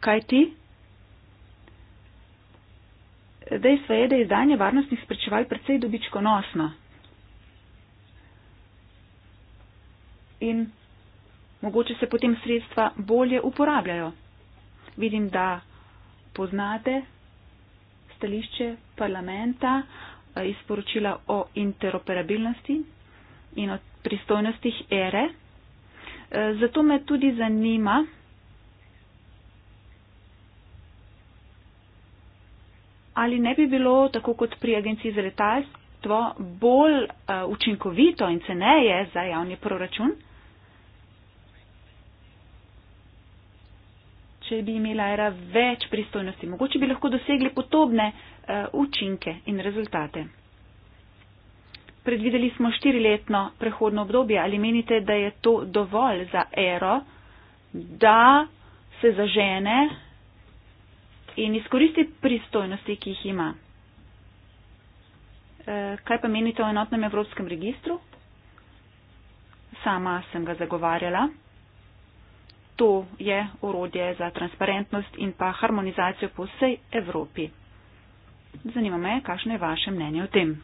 [SPEAKER 1] Kaj ti? dejstvo je, da je izdanje varnostnih sprečeval predvsej dobičkonosno. In mogoče se potem sredstva bolje uporabljajo. Vidim, da poznate stališče parlamenta eh, iz poročila o interoperabilnosti in o pristojnostih ere. E. Eh, zato me tudi zanima, ali ne bi bilo, tako kot pri agenciji za letalstvo, bolj uh, učinkovito in ceneje za javni proračun, če bi imela era več pristojnosti. Mogoče bi lahko dosegli podobne uh, učinke in rezultate. Predvideli smo štiriletno prehodno obdobje. Ali menite, da je to dovolj za ero, da se zažene in izkoristi pristojnosti, ki jih ima. Eh, kaj pa menite o enotnem evropskem registru? Sama sem ga zagovarjala. To je orodje za transparentnost in pa harmonizacijo po vsej Evropi. Zanima me, kakšno je vaše mnenje o tem.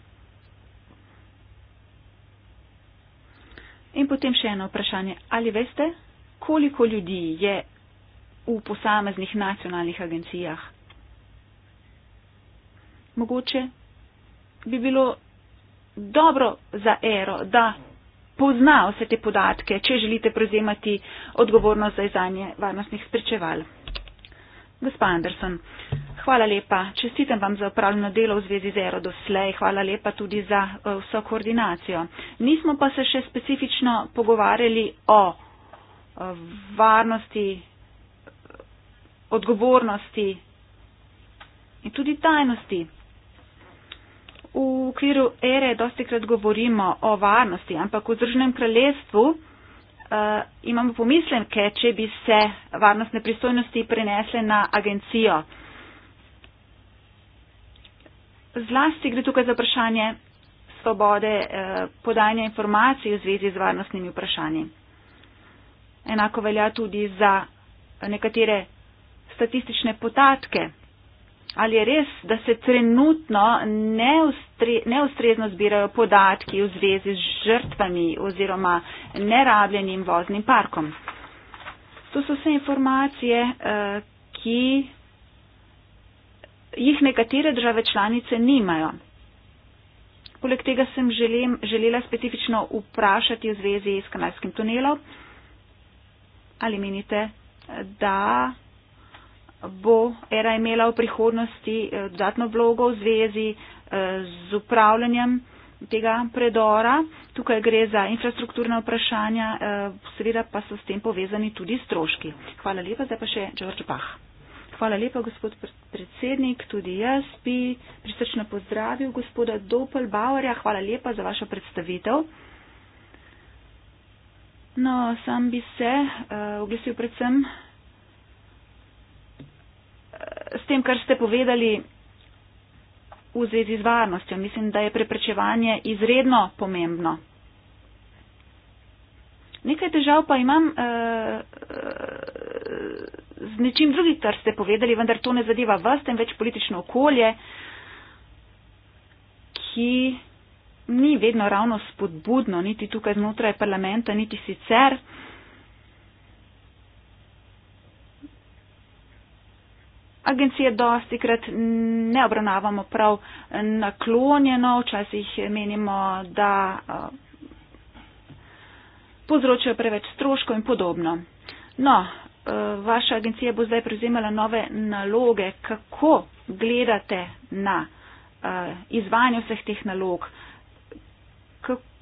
[SPEAKER 1] In potem še eno vprašanje. Ali veste, koliko ljudi je v posameznih nacionalnih agencijah. Mogoče bi bilo dobro za ERO, da pozna vse te podatke, če želite prevzemati odgovornost za izdanje varnostnih sprečeval. Gospod Anderson, hvala lepa. Čestitam vam za upravljeno delo v zvezi z ERO doslej. Hvala lepa tudi za eh, vso koordinacijo. Nismo pa se še specifično pogovarjali o eh, varnosti odgovornosti in tudi tajnosti. V okviru ere dosti krat govorimo o varnosti, ampak v Združenem kraljestvu uh, imamo pomislenke, če bi se varnostne pristojnosti prenesle na agencijo. Zlasti gre tukaj za vprašanje svobode eh, podajanja informacij v zvezi z varnostnimi vprašanji. Enako velja tudi za nekatere statistične podatke. Ali je res, da se trenutno neustre, neustrezno zbirajo podatki v zvezi z žrtvami oziroma nerabljenim voznim parkom? To so vse informacije, eh, ki jih nekatere države članice nimajo. Poleg tega sem želim, želela specifično vprašati v zvezi s kanalskim tunelom. Ali menite, da bo era imela v prihodnosti eh, dodatno vlogo v zvezi eh, z upravljanjem tega predora. Tukaj gre za infrastrukturna vprašanja, eh, seveda pa so s tem povezani tudi stroški. Hvala lepa, zdaj pa še George Bach. Hvala lepa, gospod predsednik, tudi jaz bi prisrčno pozdravil gospoda Doppelbauerja. Hvala lepa za vašo predstavitev. No, sam bi se uh, oglesil predvsem s tem, kar ste povedali v zvezi z varnostjo. Mislim, da je preprečevanje izredno pomembno. Nekaj težav pa imam uh, uh, z nečim drugim, kar ste povedali, vendar to ne zadeva vas, temveč politično okolje, ki ni vedno ravno spodbudno, niti tukaj znotraj parlamenta, niti sicer. Uh, agencije dosti krat ne obravnavamo prav naklonjeno, včasih menimo, da eh, povzročajo preveč stroškov in podobno. No, eh, vaša agencija bo zdaj prevzemala nove naloge. Kako gledate na eh, izvajanje vseh teh nalog?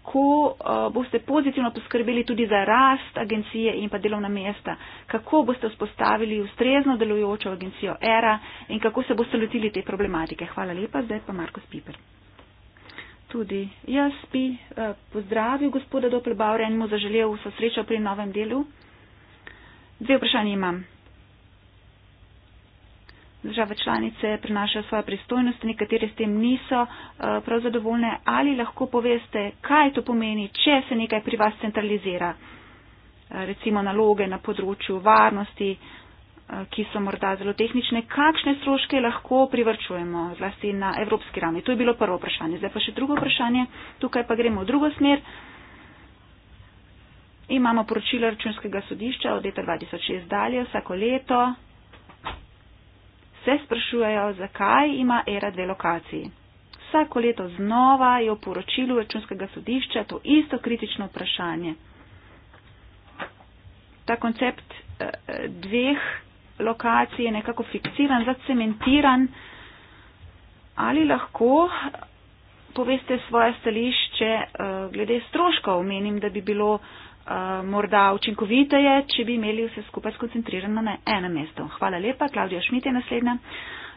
[SPEAKER 1] kako eh, boste pozitivno poskrbeli tudi za rast agencije in pa delovna mesta, kako boste vzpostavili ustrezno delujočo agencijo ERA in kako se boste lotili te problematike. Hvala lepa, zdaj pa Marko Spiper. Tudi jaz bi eh, pozdravil gospoda Doppelbaure in mu zaželel vso srečo pri novem delu. Dve vprašanje imam države članice prenašajo svoje pristojnosti, nekatere s tem niso eh, prav zadovoljne. Ali lahko poveste, kaj to pomeni, če se nekaj pri vas centralizira, eh, recimo naloge na področju varnosti, eh, ki so morda zelo tehnične, kakšne stroške lahko privrčujemo, zlasti na evropski ravni. To je bilo prvo vprašanje. Zdaj pa še drugo vprašanje. Tukaj pa gremo v drugo smer. Imamo poročilo računskega sodišča od leta 2006 dalje, vsako leto Vse sprašujejo, zakaj ima era dve lokaciji. Vsako leto znova je v poročilu računskega sodišča to isto kritično vprašanje. Ta koncept eh, dveh lokacij je nekako fiksiran, zacementiran. Ali lahko eh, poveste svoje stališče eh, glede stroškov? Menim, da bi bilo uh, morda učinkoviteje, če bi imeli vse skupaj skoncentrirano na enem mestu. Hvala lepa, Klaudija Šmit je naslednja.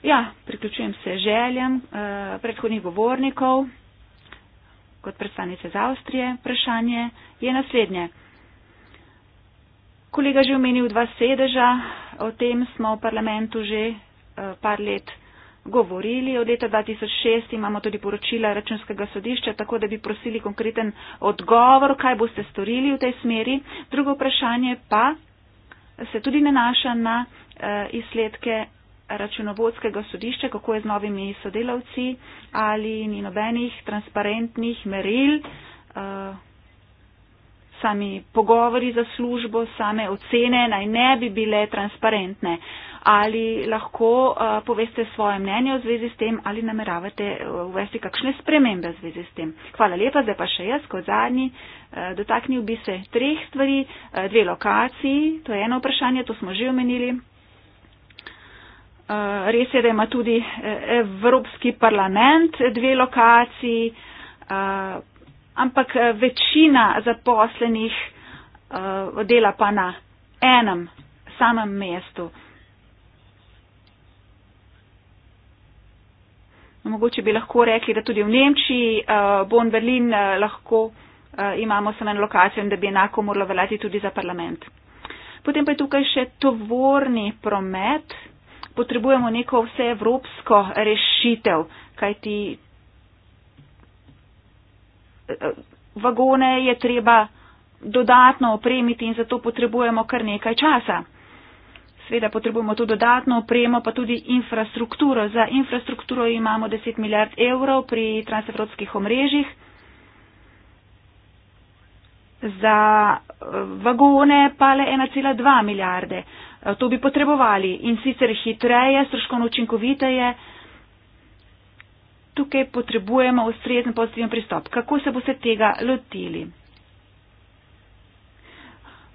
[SPEAKER 1] Ja, priključujem se željem uh, predhodnih govornikov kot predstavnice z Avstrije. Vprašanje je naslednje. Kolega že omenil dva sedeža, o tem smo v parlamentu že uh, par let govorili. Od leta 2006 imamo tudi poročila računskega sodišča, tako da bi prosili konkreten odgovor, kaj boste storili v tej smeri. Drugo vprašanje pa se tudi nanaša na uh, izsledke računovodskega sodišča, kako je z novimi sodelavci, ali ni nobenih transparentnih meril, uh, sami pogovori za službo, same ocene naj ne bi bile transparentne. Uh, ali lahko uh, poveste svoje mnenje v zvezi s tem, ali nameravate uh, uvesti kakšne spremembe v zvezi s tem. Hvala lepa, zdaj pa še jaz kot zadnji. Uh, dotaknil bi se treh stvari, uh, dve lokaciji, to je eno vprašanje, to smo že omenili. Res je, da ima tudi Evropski parlament dve lokaciji, ampak večina zaposlenih dela pa na enem samem mestu. mogoče bi lahko rekli, da tudi v Nemčiji, uh, Bonn, Berlin uh, lahko uh, imamo samo eno lokacijo in da bi enako moralo veljati tudi za parlament. Potem pa je tukaj še tovorni promet. Potrebujemo neko vseevropsko rešitev, kajti vagone je treba dodatno opremiti in zato potrebujemo kar nekaj časa. Sveda potrebujemo tudi dodatno opremo, pa tudi infrastrukturo. Za infrastrukturo imamo 10 milijard evrov pri transevropskih omrežjih. Za eh, vagone pa le 1,2 milijarde. Eh, to bi potrebovali in sicer hitreje, stroškovno učinkoviteje. Tukaj potrebujemo ustrezen pozitiven pristop. Kako se boste tega lotili?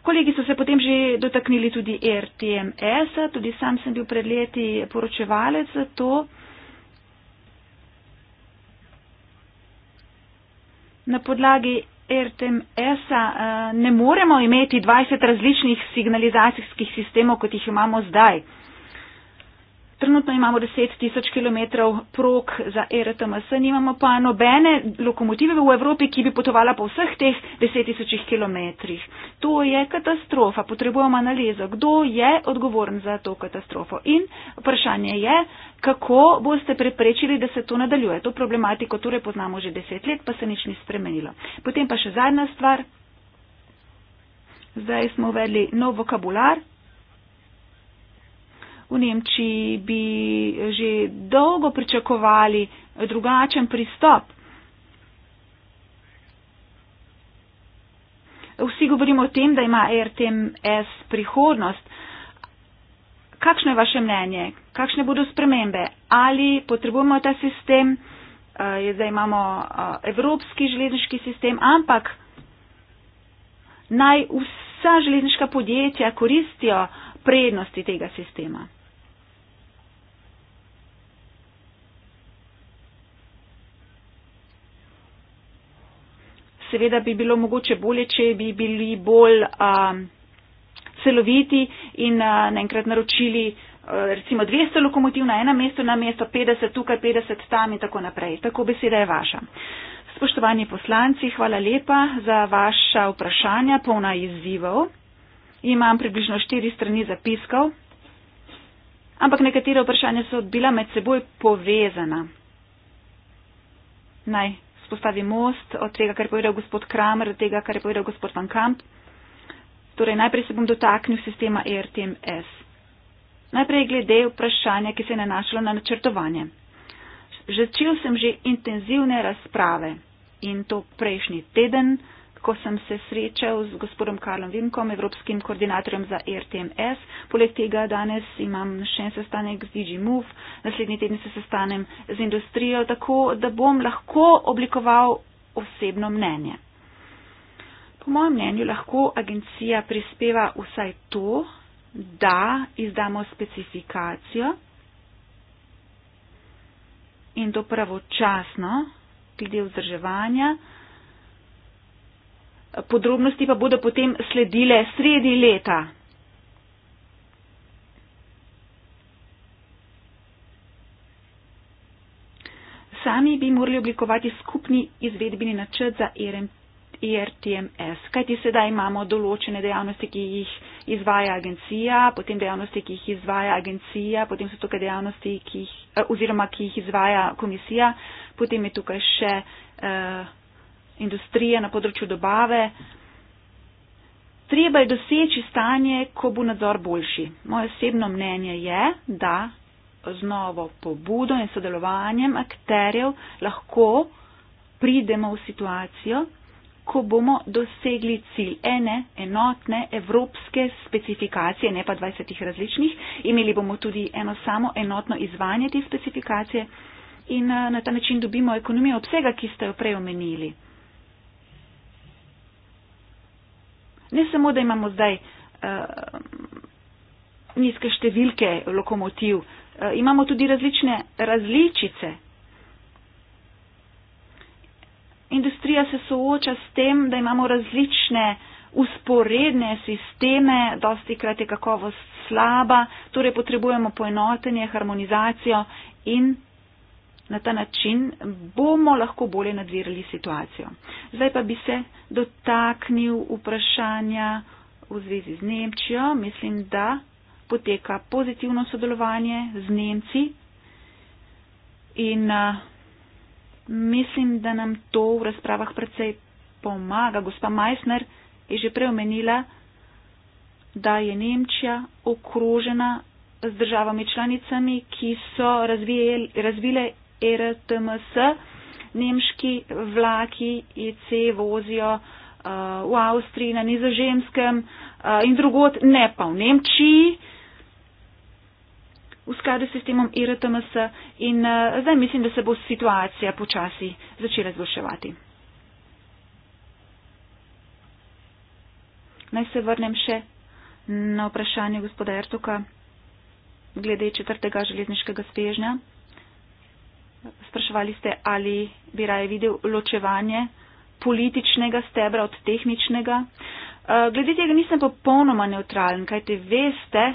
[SPEAKER 1] Kolegi so se potem že dotaknili tudi RTMS, tudi sam sem bil pred leti poročevalec za to. Na podlagi RTMS eh, ne moremo imeti 20 različnih signalizacijskih sistemov, kot jih imamo zdaj. Trenutno imamo 10 tisoč km prog za e RTMS, nimamo pa nobene lokomotive v Evropi, ki bi potovala po vseh teh 10 tisočih km. To je katastrofa, potrebujemo analizo, kdo je odgovoren za to katastrofo. In vprašanje je, kako boste preprečili, da se to nadaljuje. To problematiko torej poznamo že 10 let, pa se nič ni spremenilo. Potem pa še zadnja stvar. Zdaj smo uvedli nov vokabular, v Nemčiji bi že dolgo pričakovali drugačen pristop. Vsi govorimo o tem, da ima RTMS prihodnost. Kakšno je vaše mnenje? Kakšne bodo spremembe? Ali potrebujemo ta sistem? Eh, zdaj imamo eh, evropski železniški sistem, ampak naj vsa železniška podjetja koristijo uh, prednosti tega sistema. Seveda bi bilo mogoče bolje, če bi bili bolj um, celoviti in uh, naenkrat naročili recimo 200 lokomotiv na enem mestu, na mesto 50, tukaj 50, tam in tako naprej. Tako beseda je vaša. Spoštovani poslanci, hvala lepa za vaša vprašanja, polna izzivov imam približno štiri strani zapiskov, ampak nekatere vprašanja so bila med seboj povezana. Naj spostavi most od tega, kar je povedal gospod Kramer, do tega, kar je povedal gospod Van Kamp. Torej, najprej se bom dotaknil sistema ERTMS. Najprej glede vprašanja, ki se je nanašalo na načrtovanje. Začel sem že intenzivne razprave in to prejšnji teden, ko sem se srečal z gospodom Karlom Vimkom, evropskim koordinatorjem za RTMS. Poleg tega danes imam še en sestanek z DG Move, naslednji teden se sestanem z industrijo, tako da bom lahko oblikoval osebno mnenje. Po mojem mnenju lahko agencija prispeva vsaj to, da izdamo specifikacijo in to pravočasno, glede vzdrževanja, podrobnosti pa bodo potem sledile sredi leta. Sami bi morali oblikovati skupni izvedbeni načrt za ERTMS, e kajti sedaj imamo določene dejavnosti, ki jih izvaja agencija, potem dejavnosti, ki jih izvaja agencija, potem so tukaj dejavnosti, ki jih, eh, oziroma ki jih izvaja komisija, potem je tukaj še. Uh, industrije, na področju dobave. Treba je doseči stanje, ko bo nadzor boljši. Moje osebno mnenje je, da z novo pobudo in sodelovanjem akterjev lahko pridemo v situacijo, ko bomo dosegli cilj ene enotne evropske specifikacije, ne pa 20 različnih. Imeli bomo tudi eno samo enotno izvanje te specifikacije in eh, na ta način dobimo ekonomijo obsega, ki ste jo prej omenili. Ne samo, da imamo zdaj uh, nizke številke lokomotiv, uh, imamo tudi različne različice. Industrija se sooča s tem, da imamo različne usporedne sisteme, dosti krat je kakovost slaba, torej potrebujemo poenotenje, harmonizacijo in Na ta način bomo lahko bolje nadzirali situacijo. Zdaj pa bi se dotaknil vprašanja v zvezi z Nemčijo. Mislim, da poteka pozitivno sodelovanje z Nemci in mislim, da nam to v razpravah predvsej pomaga. Gospa Meissner je že preomenila, da je Nemčija okrožena z državami članicami, ki so razvijel, razvile E RTMS. Nemški vlaki IC vozijo uh, v Avstriji, na nizozemskem uh, in drugot, ne pa v Nemčiji, v skladu s sistemom IRTMS e in uh, zdaj mislim, da se bo situacija počasi začela zboljševati. Naj se vrnem še na vprašanje gospoda Ertuka glede četrtega železniškega svežnja. Spraševali ste, ali bi raje videl ločevanje političnega stebra od tehničnega. Eh, glede tega nisem popolnoma neutralen, kajte veste,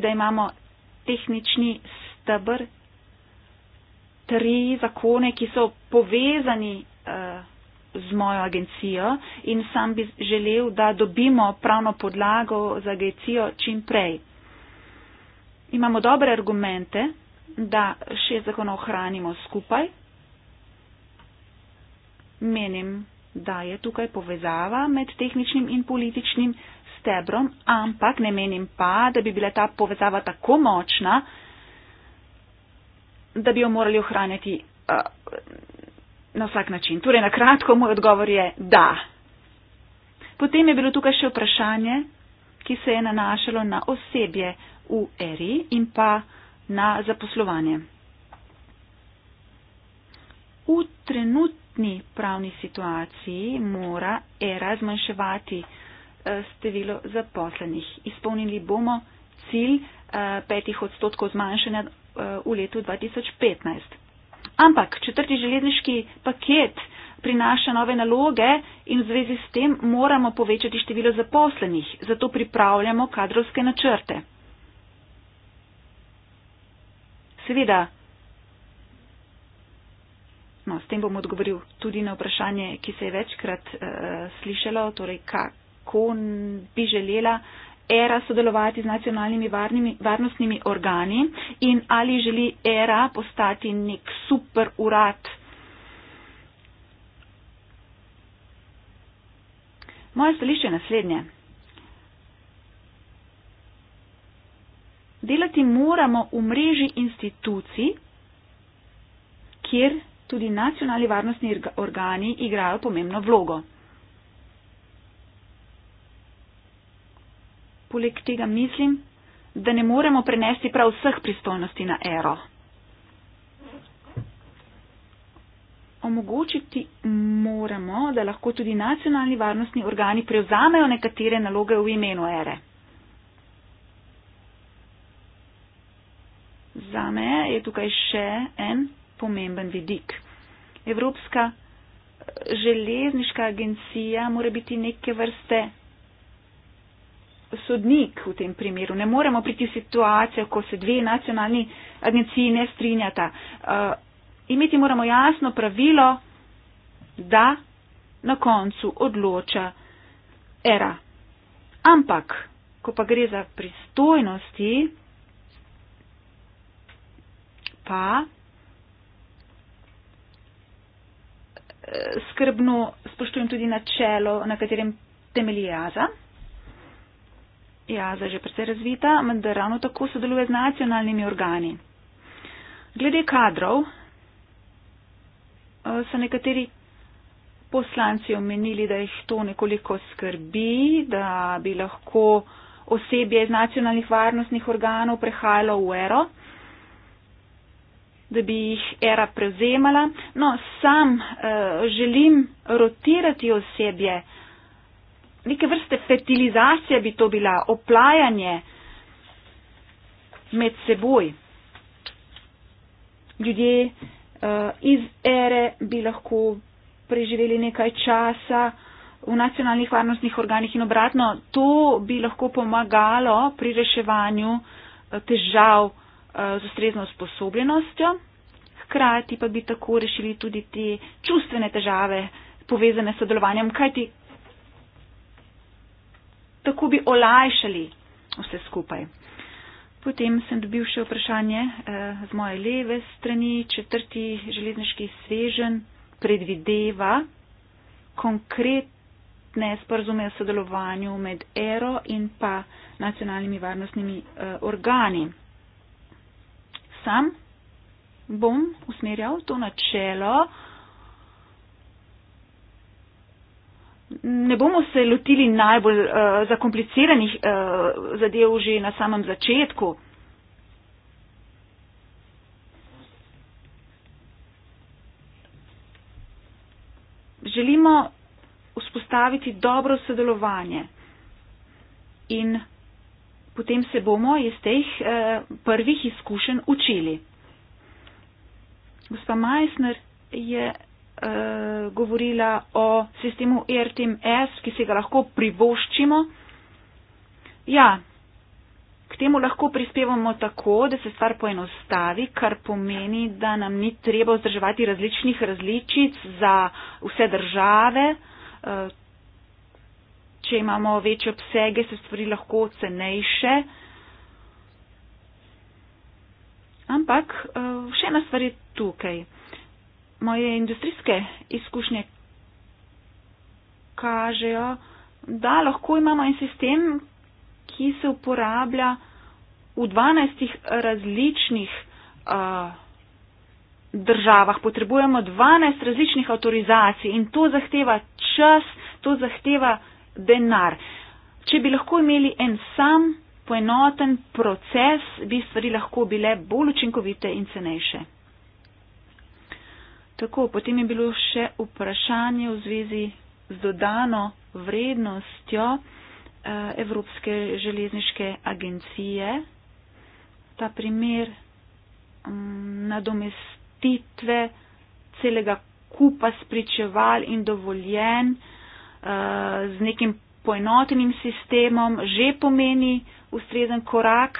[SPEAKER 1] da imamo tehnični stebr, tri zakone, ki so povezani eh, z mojo agencijo in sam bi želel, da dobimo pravno podlago za agencijo čim prej. Imamo dobre argumente, da šest zakonov hranimo skupaj. Menim, da je tukaj povezava med tehničnim in političnim stebrom, ampak ne menim pa, da bi bila ta povezava tako močna, da bi jo morali ohranjati uh, na vsak način. Torej, na kratko, moj odgovor je da. Potem je bilo tukaj še vprašanje, ki se je nanašalo na osebje v eri in pa na zaposlovanje. V trenutni pravni situaciji mora era zmanjševati eh, število zaposlenih. Izpolnili bomo cilj eh, petih odstotkov zmanjšanja eh, v letu 2015. Ampak četrti železniški paket prinaša nove naloge in v zvezi s tem moramo povečati število zaposlenih, zato pripravljamo kadrovske načrte. Seveda, no, s tem bom odgovoril tudi na vprašanje, ki se je večkrat uh, slišalo, torej kako bi želela era sodelovati z nacionalnimi varnimi, varnostnimi organi in ali želi era postati nek super urad. Moje stališče je naslednje. delati moramo v mreži institucij, kjer tudi nacionalni varnostni organi igrajo pomembno vlogo. Poleg tega mislim, da ne moremo prenesti prav vseh pristojnosti na ero. Omogočiti moramo, da lahko tudi nacionalni varnostni organi prevzamejo nekatere naloge v imenu ere. za me je tukaj še en pomemben vidik. Evropska eh, železniška agencija mora biti neke vrste sodnik v tem primeru. Ne moremo priti v situacijo, ko se dve nacionalni agenciji ne strinjata. Uh, imeti moramo jasno pravilo, da na koncu odloča era. Ampak, ko pa gre za pristojnosti, pa eh, skrbno spoštujem tudi načelo, na katerem temelji jaza. Jaza je že precej razvita, vendar ravno tako sodeluje z nacionalnimi organi. Glede kadrov eh, so nekateri poslanci omenili, da jih to nekoliko skrbi, da bi lahko osebje iz nacionalnih varnostnih organov prehajalo v ero. Uh, da bi jih era prevzemala. No, sam uh, želim rotirati osebje, neke vrste fertilizacija bi to bila, oplajanje med seboj. Ljudje uh, iz ere bi lahko preživeli nekaj časa v nacionalnih varnostnih organih in obratno, to bi lahko pomagalo pri reševanju eh, težav, Eh, z ustrezno sposobljenostjo, hkrati pa bi tako rešili tudi te čustvene težave povezane s sodelovanjem, kajti tako bi olajšali vse skupaj. Potem sem dobil še vprašanje eh, z moje leve strani, četrti železniški svežen predvideva konkretne sporozume o sodelovanju med ERO in pa nacionalnimi varnostnimi eh, organi sam bom usmerjal to načelo. Ne bomo se lotili najbolj uh, zakompliciranih uh, zadev že na samem začetku. Želimo vzpostaviti dobro sodelovanje in potem se bomo iz teh eh, prvih izkušenj učili. Gospa Meissner je eh, govorila o sistemu e RTMS, ki se ga lahko privoščimo. Ja, k temu lahko prispevamo tako, da se stvar poenostavi, kar pomeni, da nam ni treba vzdrževati različnih različic za vse države. Eh, če imamo večje obsege, so stvari lahko cenejše. Ampak eh, še ena stvar je tukaj. Moje industrijske izkušnje kažejo, da lahko imamo en sistem, ki se uporablja v 12 različnih uh, državah. Potrebujemo 12 različnih avtorizacij in to zahteva čas, to zahteva denar. Če bi lahko imeli en sam poenoten proces, bi stvari lahko bile bolj učinkovite in cenejše. Tako, potem je bilo še vprašanje v zvezi z dodano vrednostjo eh, Evropske železniške agencije. Ta primer mm, nadomestitve celega kupa spričeval in dovoljen. Eh, z nekim poenotenim sistemom že pomeni ustrezen korak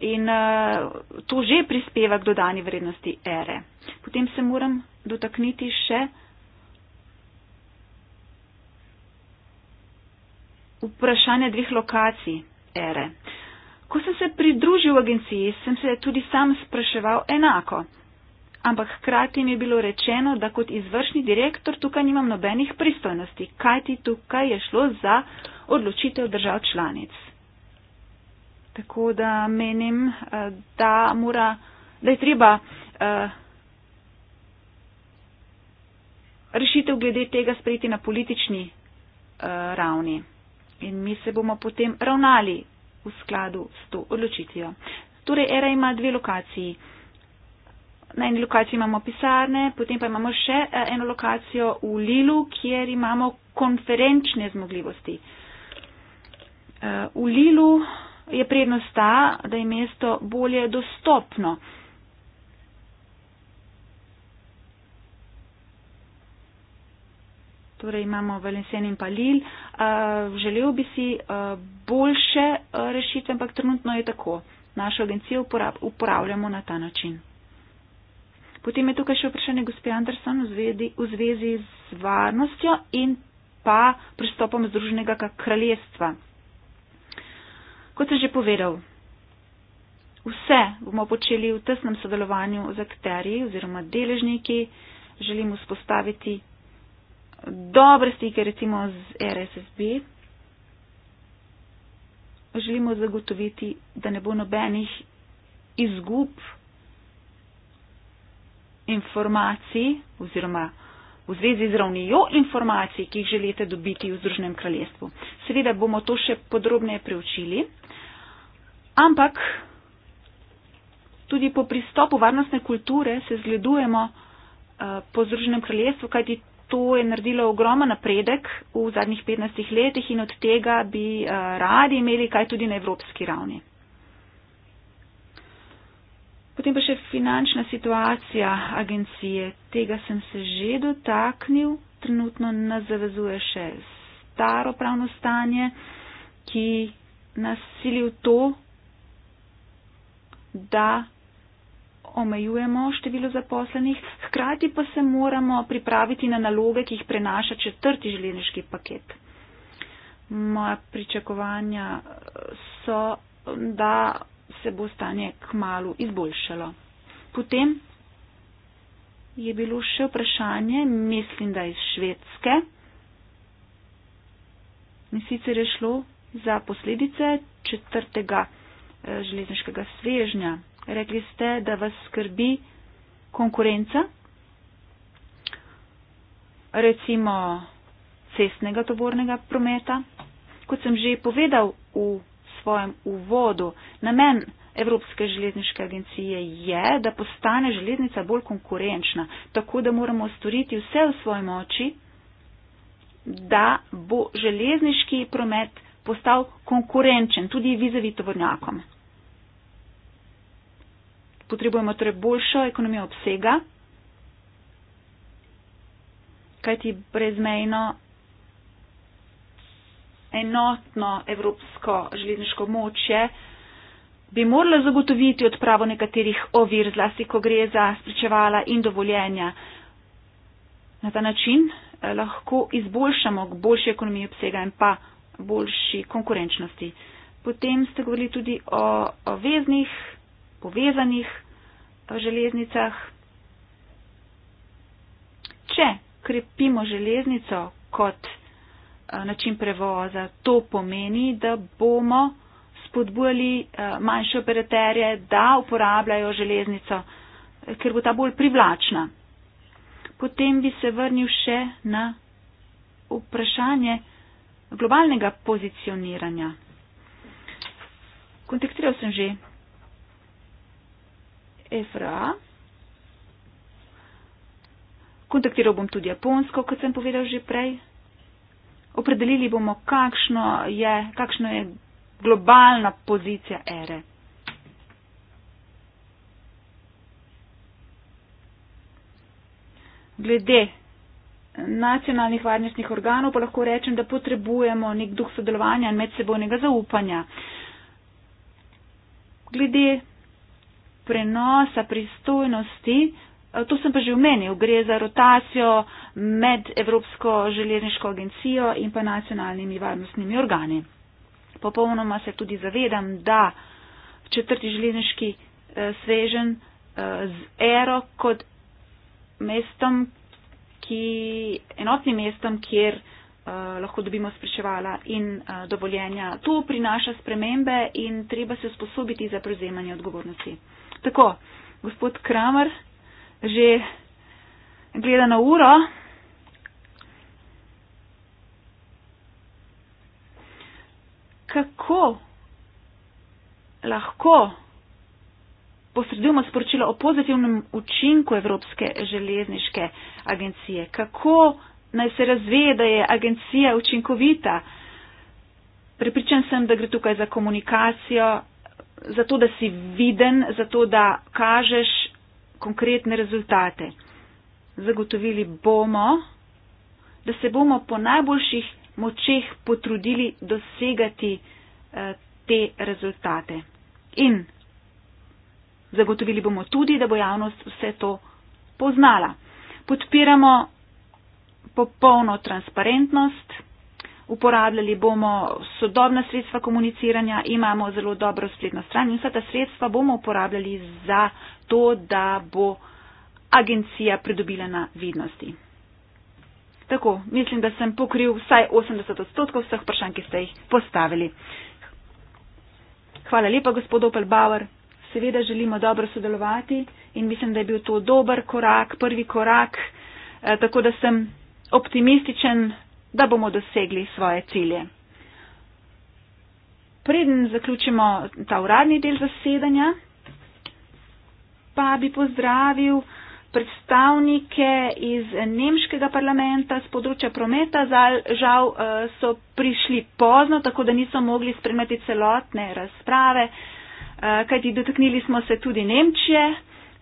[SPEAKER 1] in uh, to že prispeva k dodani vrednosti ere. Potem se moram dotakniti še vprašanja dveh lokacij ere. Ko sem se pridružil agenciji, sem se tudi sam spraševal enako ampak hkrati mi je bilo rečeno, da kot izvršni direktor tukaj nimam nobenih pristojnosti, kaj ti tukaj je šlo za odločitev držav članic. Tako da menim, eh, da, mora, da je treba eh, rešitev glede tega sprejeti na politični eh, ravni. In mi se bomo potem ravnali v skladu s to odločitvijo. Torej, ERA ima dve lokaciji. Na eni lokaciji imamo pisarne, potem pa imamo še eh, eno lokacijo v Lilu, kjer imamo konferenčne zmogljivosti. Eh, v Lilu je prednost ta, da je mesto bolje dostopno. Torej imamo Valencien in pa Lil. Eh, želel bi si boljše rešitve, ampak trenutno je tako. Našo agencijo uporabljamo na ta način. Potem je tukaj še vprašanje gospe Anderson v zvezi, v zvezi z varnostjo in pa pristopom Združenega kraljestva. Kot sem že povedal, vse bomo počeli v tesnem sodelovanju z akterji oziroma deležniki. Želim vzpostaviti dobre stike recimo z RSSB. Želimo zagotoviti, da ne bo nobenih izgub informacij oziroma v zvezi z ravnijo informacij, ki jih želite dobiti v Združenem kraljestvu. Seveda bomo to še podrobneje preučili, ampak tudi po pristopu varnostne kulture se zgledujemo uh, po Združenem kraljestvu, kajti to je naredilo ogroma napredek v zadnjih 15 letih in od tega bi uh, radi imeli kaj tudi na evropski ravni. Potem pa še finančna situacija agencije. Tega sem se že dotaknil. Trenutno nas zavezuje še staro pravno stanje, ki nas sili v to, da omejujemo število zaposlenih. Hkrati pa se moramo pripraviti na naloge, ki jih prenaša četrti želeniški paket. Moja pričakovanja so, da se bo stanje k malu izboljšalo. Potem je bilo še vprašanje, mislim, da iz Švedske. In sicer je šlo za posledice četrtega eh, železniškega svežnja. Rekli ste, da vas skrbi konkurenca, recimo cestnega tovornega prometa. Kot sem že povedal v svojem uvodu. Namen Evropske železniške agencije je, da postane železnica bolj konkurenčna, tako da moramo storiti vse v svoji moči, da bo železniški promet postal konkurenčen tudi vizavi tovornjakom. Potrebujemo torej boljšo ekonomijo obsega, kajti brezmejno enotno evropsko železniško močje bi moralo zagotoviti odpravo nekaterih ovir, zlasti ko gre za spričevala in dovoljenja. Na ta način eh, lahko izboljšamo k boljši ekonomiji obsega in pa boljši konkurenčnosti. Potem ste govorili tudi o, o veznih, povezanih eh, železnicah. Če krepimo železnico kot Eh, način prevoza. To pomeni, da bomo spodbujali eh, manjše operaterje, da uporabljajo železnico, ker bo ta bolj privlačna. Potem bi se vrnil še na vprašanje globalnega pozicioniranja. Kontekstiral sem že EFRA. Kontaktiral bom tudi Japonsko, kot sem povedal že prej, Opredelili bomo, kakšno je, kakšno je globalna pozicija ere. Glede nacionalnih varnostnih organov pa lahko rečem, da potrebujemo nek duh sodelovanja in medsebojnega zaupanja. Glede prenosa pristojnosti Eh, to sem pa že omenil, gre za rotacijo med Evropsko železniško agencijo in pa nacionalnimi varnostnimi organi. Popolnoma se tudi zavedam, da četrti železniški eh, svežen eh, z ERO kot mestom, ki, enotnim mestom, kjer lahko dobimo spričevala in dovoljenja, to prinaša spremembe in treba se usposobiti za prevzemanje odgovornosti. Tako, gospod Kramer že gleda na uro. Kako lahko posredujemo sporočilo o pozitivnem učinku Evropske železniške agencije? Kako naj se razveje, da je agencija učinkovita? Pripričan sem, da gre tukaj za komunikacijo, za to, da si viden, za to, da kažeš konkretne rezultate. Zagotovili bomo, da se bomo po najboljših močeh potrudili dosegati eh, te rezultate. In zagotovili bomo tudi, da bo javnost vse to poznala. Podpiramo popolno transparentnost, uporabljali bomo sodobna sredstva komuniciranja, imamo zelo dobro spletno stran in vsa ta sredstva bomo uporabljali za to, da bo agencija pridobila na vidnosti. Tako, mislim, da sem pokril vsaj 80 odstotkov vseh vprašanj, ki ste jih postavili. Hvala lepa, gospod Opel Bauer. Seveda želimo dobro sodelovati in mislim, da je bil to dober korak, prvi korak, eh, tako da sem optimističen, da bomo dosegli svoje cilje. Preden zaključimo ta uradni del zasedanja, pa bi pozdravil predstavnike iz nemškega parlamenta z področja prometa. Žal eh, so prišli pozno, tako da niso mogli spremljati celotne razprave, eh, kajti dotaknili smo se tudi Nemčije.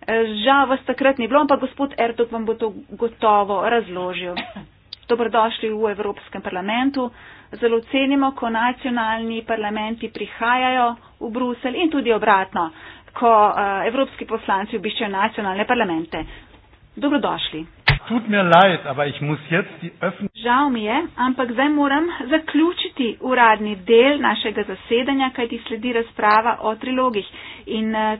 [SPEAKER 1] Eh, žal vas takrat ni bilo, ampak gospod Ertok vam bo to gotovo razložil dobrodošli v Evropskem parlamentu. Zelo cenimo, ko nacionalni parlamenti prihajajo v Bruselj in tudi obratno, ko uh, evropski poslanci obiščajo nacionalne parlamente. Dobrodošli. Leid, Žal mi je, ampak zdaj moram zaključiti uradni del našega zasedanja, kajti sledi razprava o trilogih. In, uh,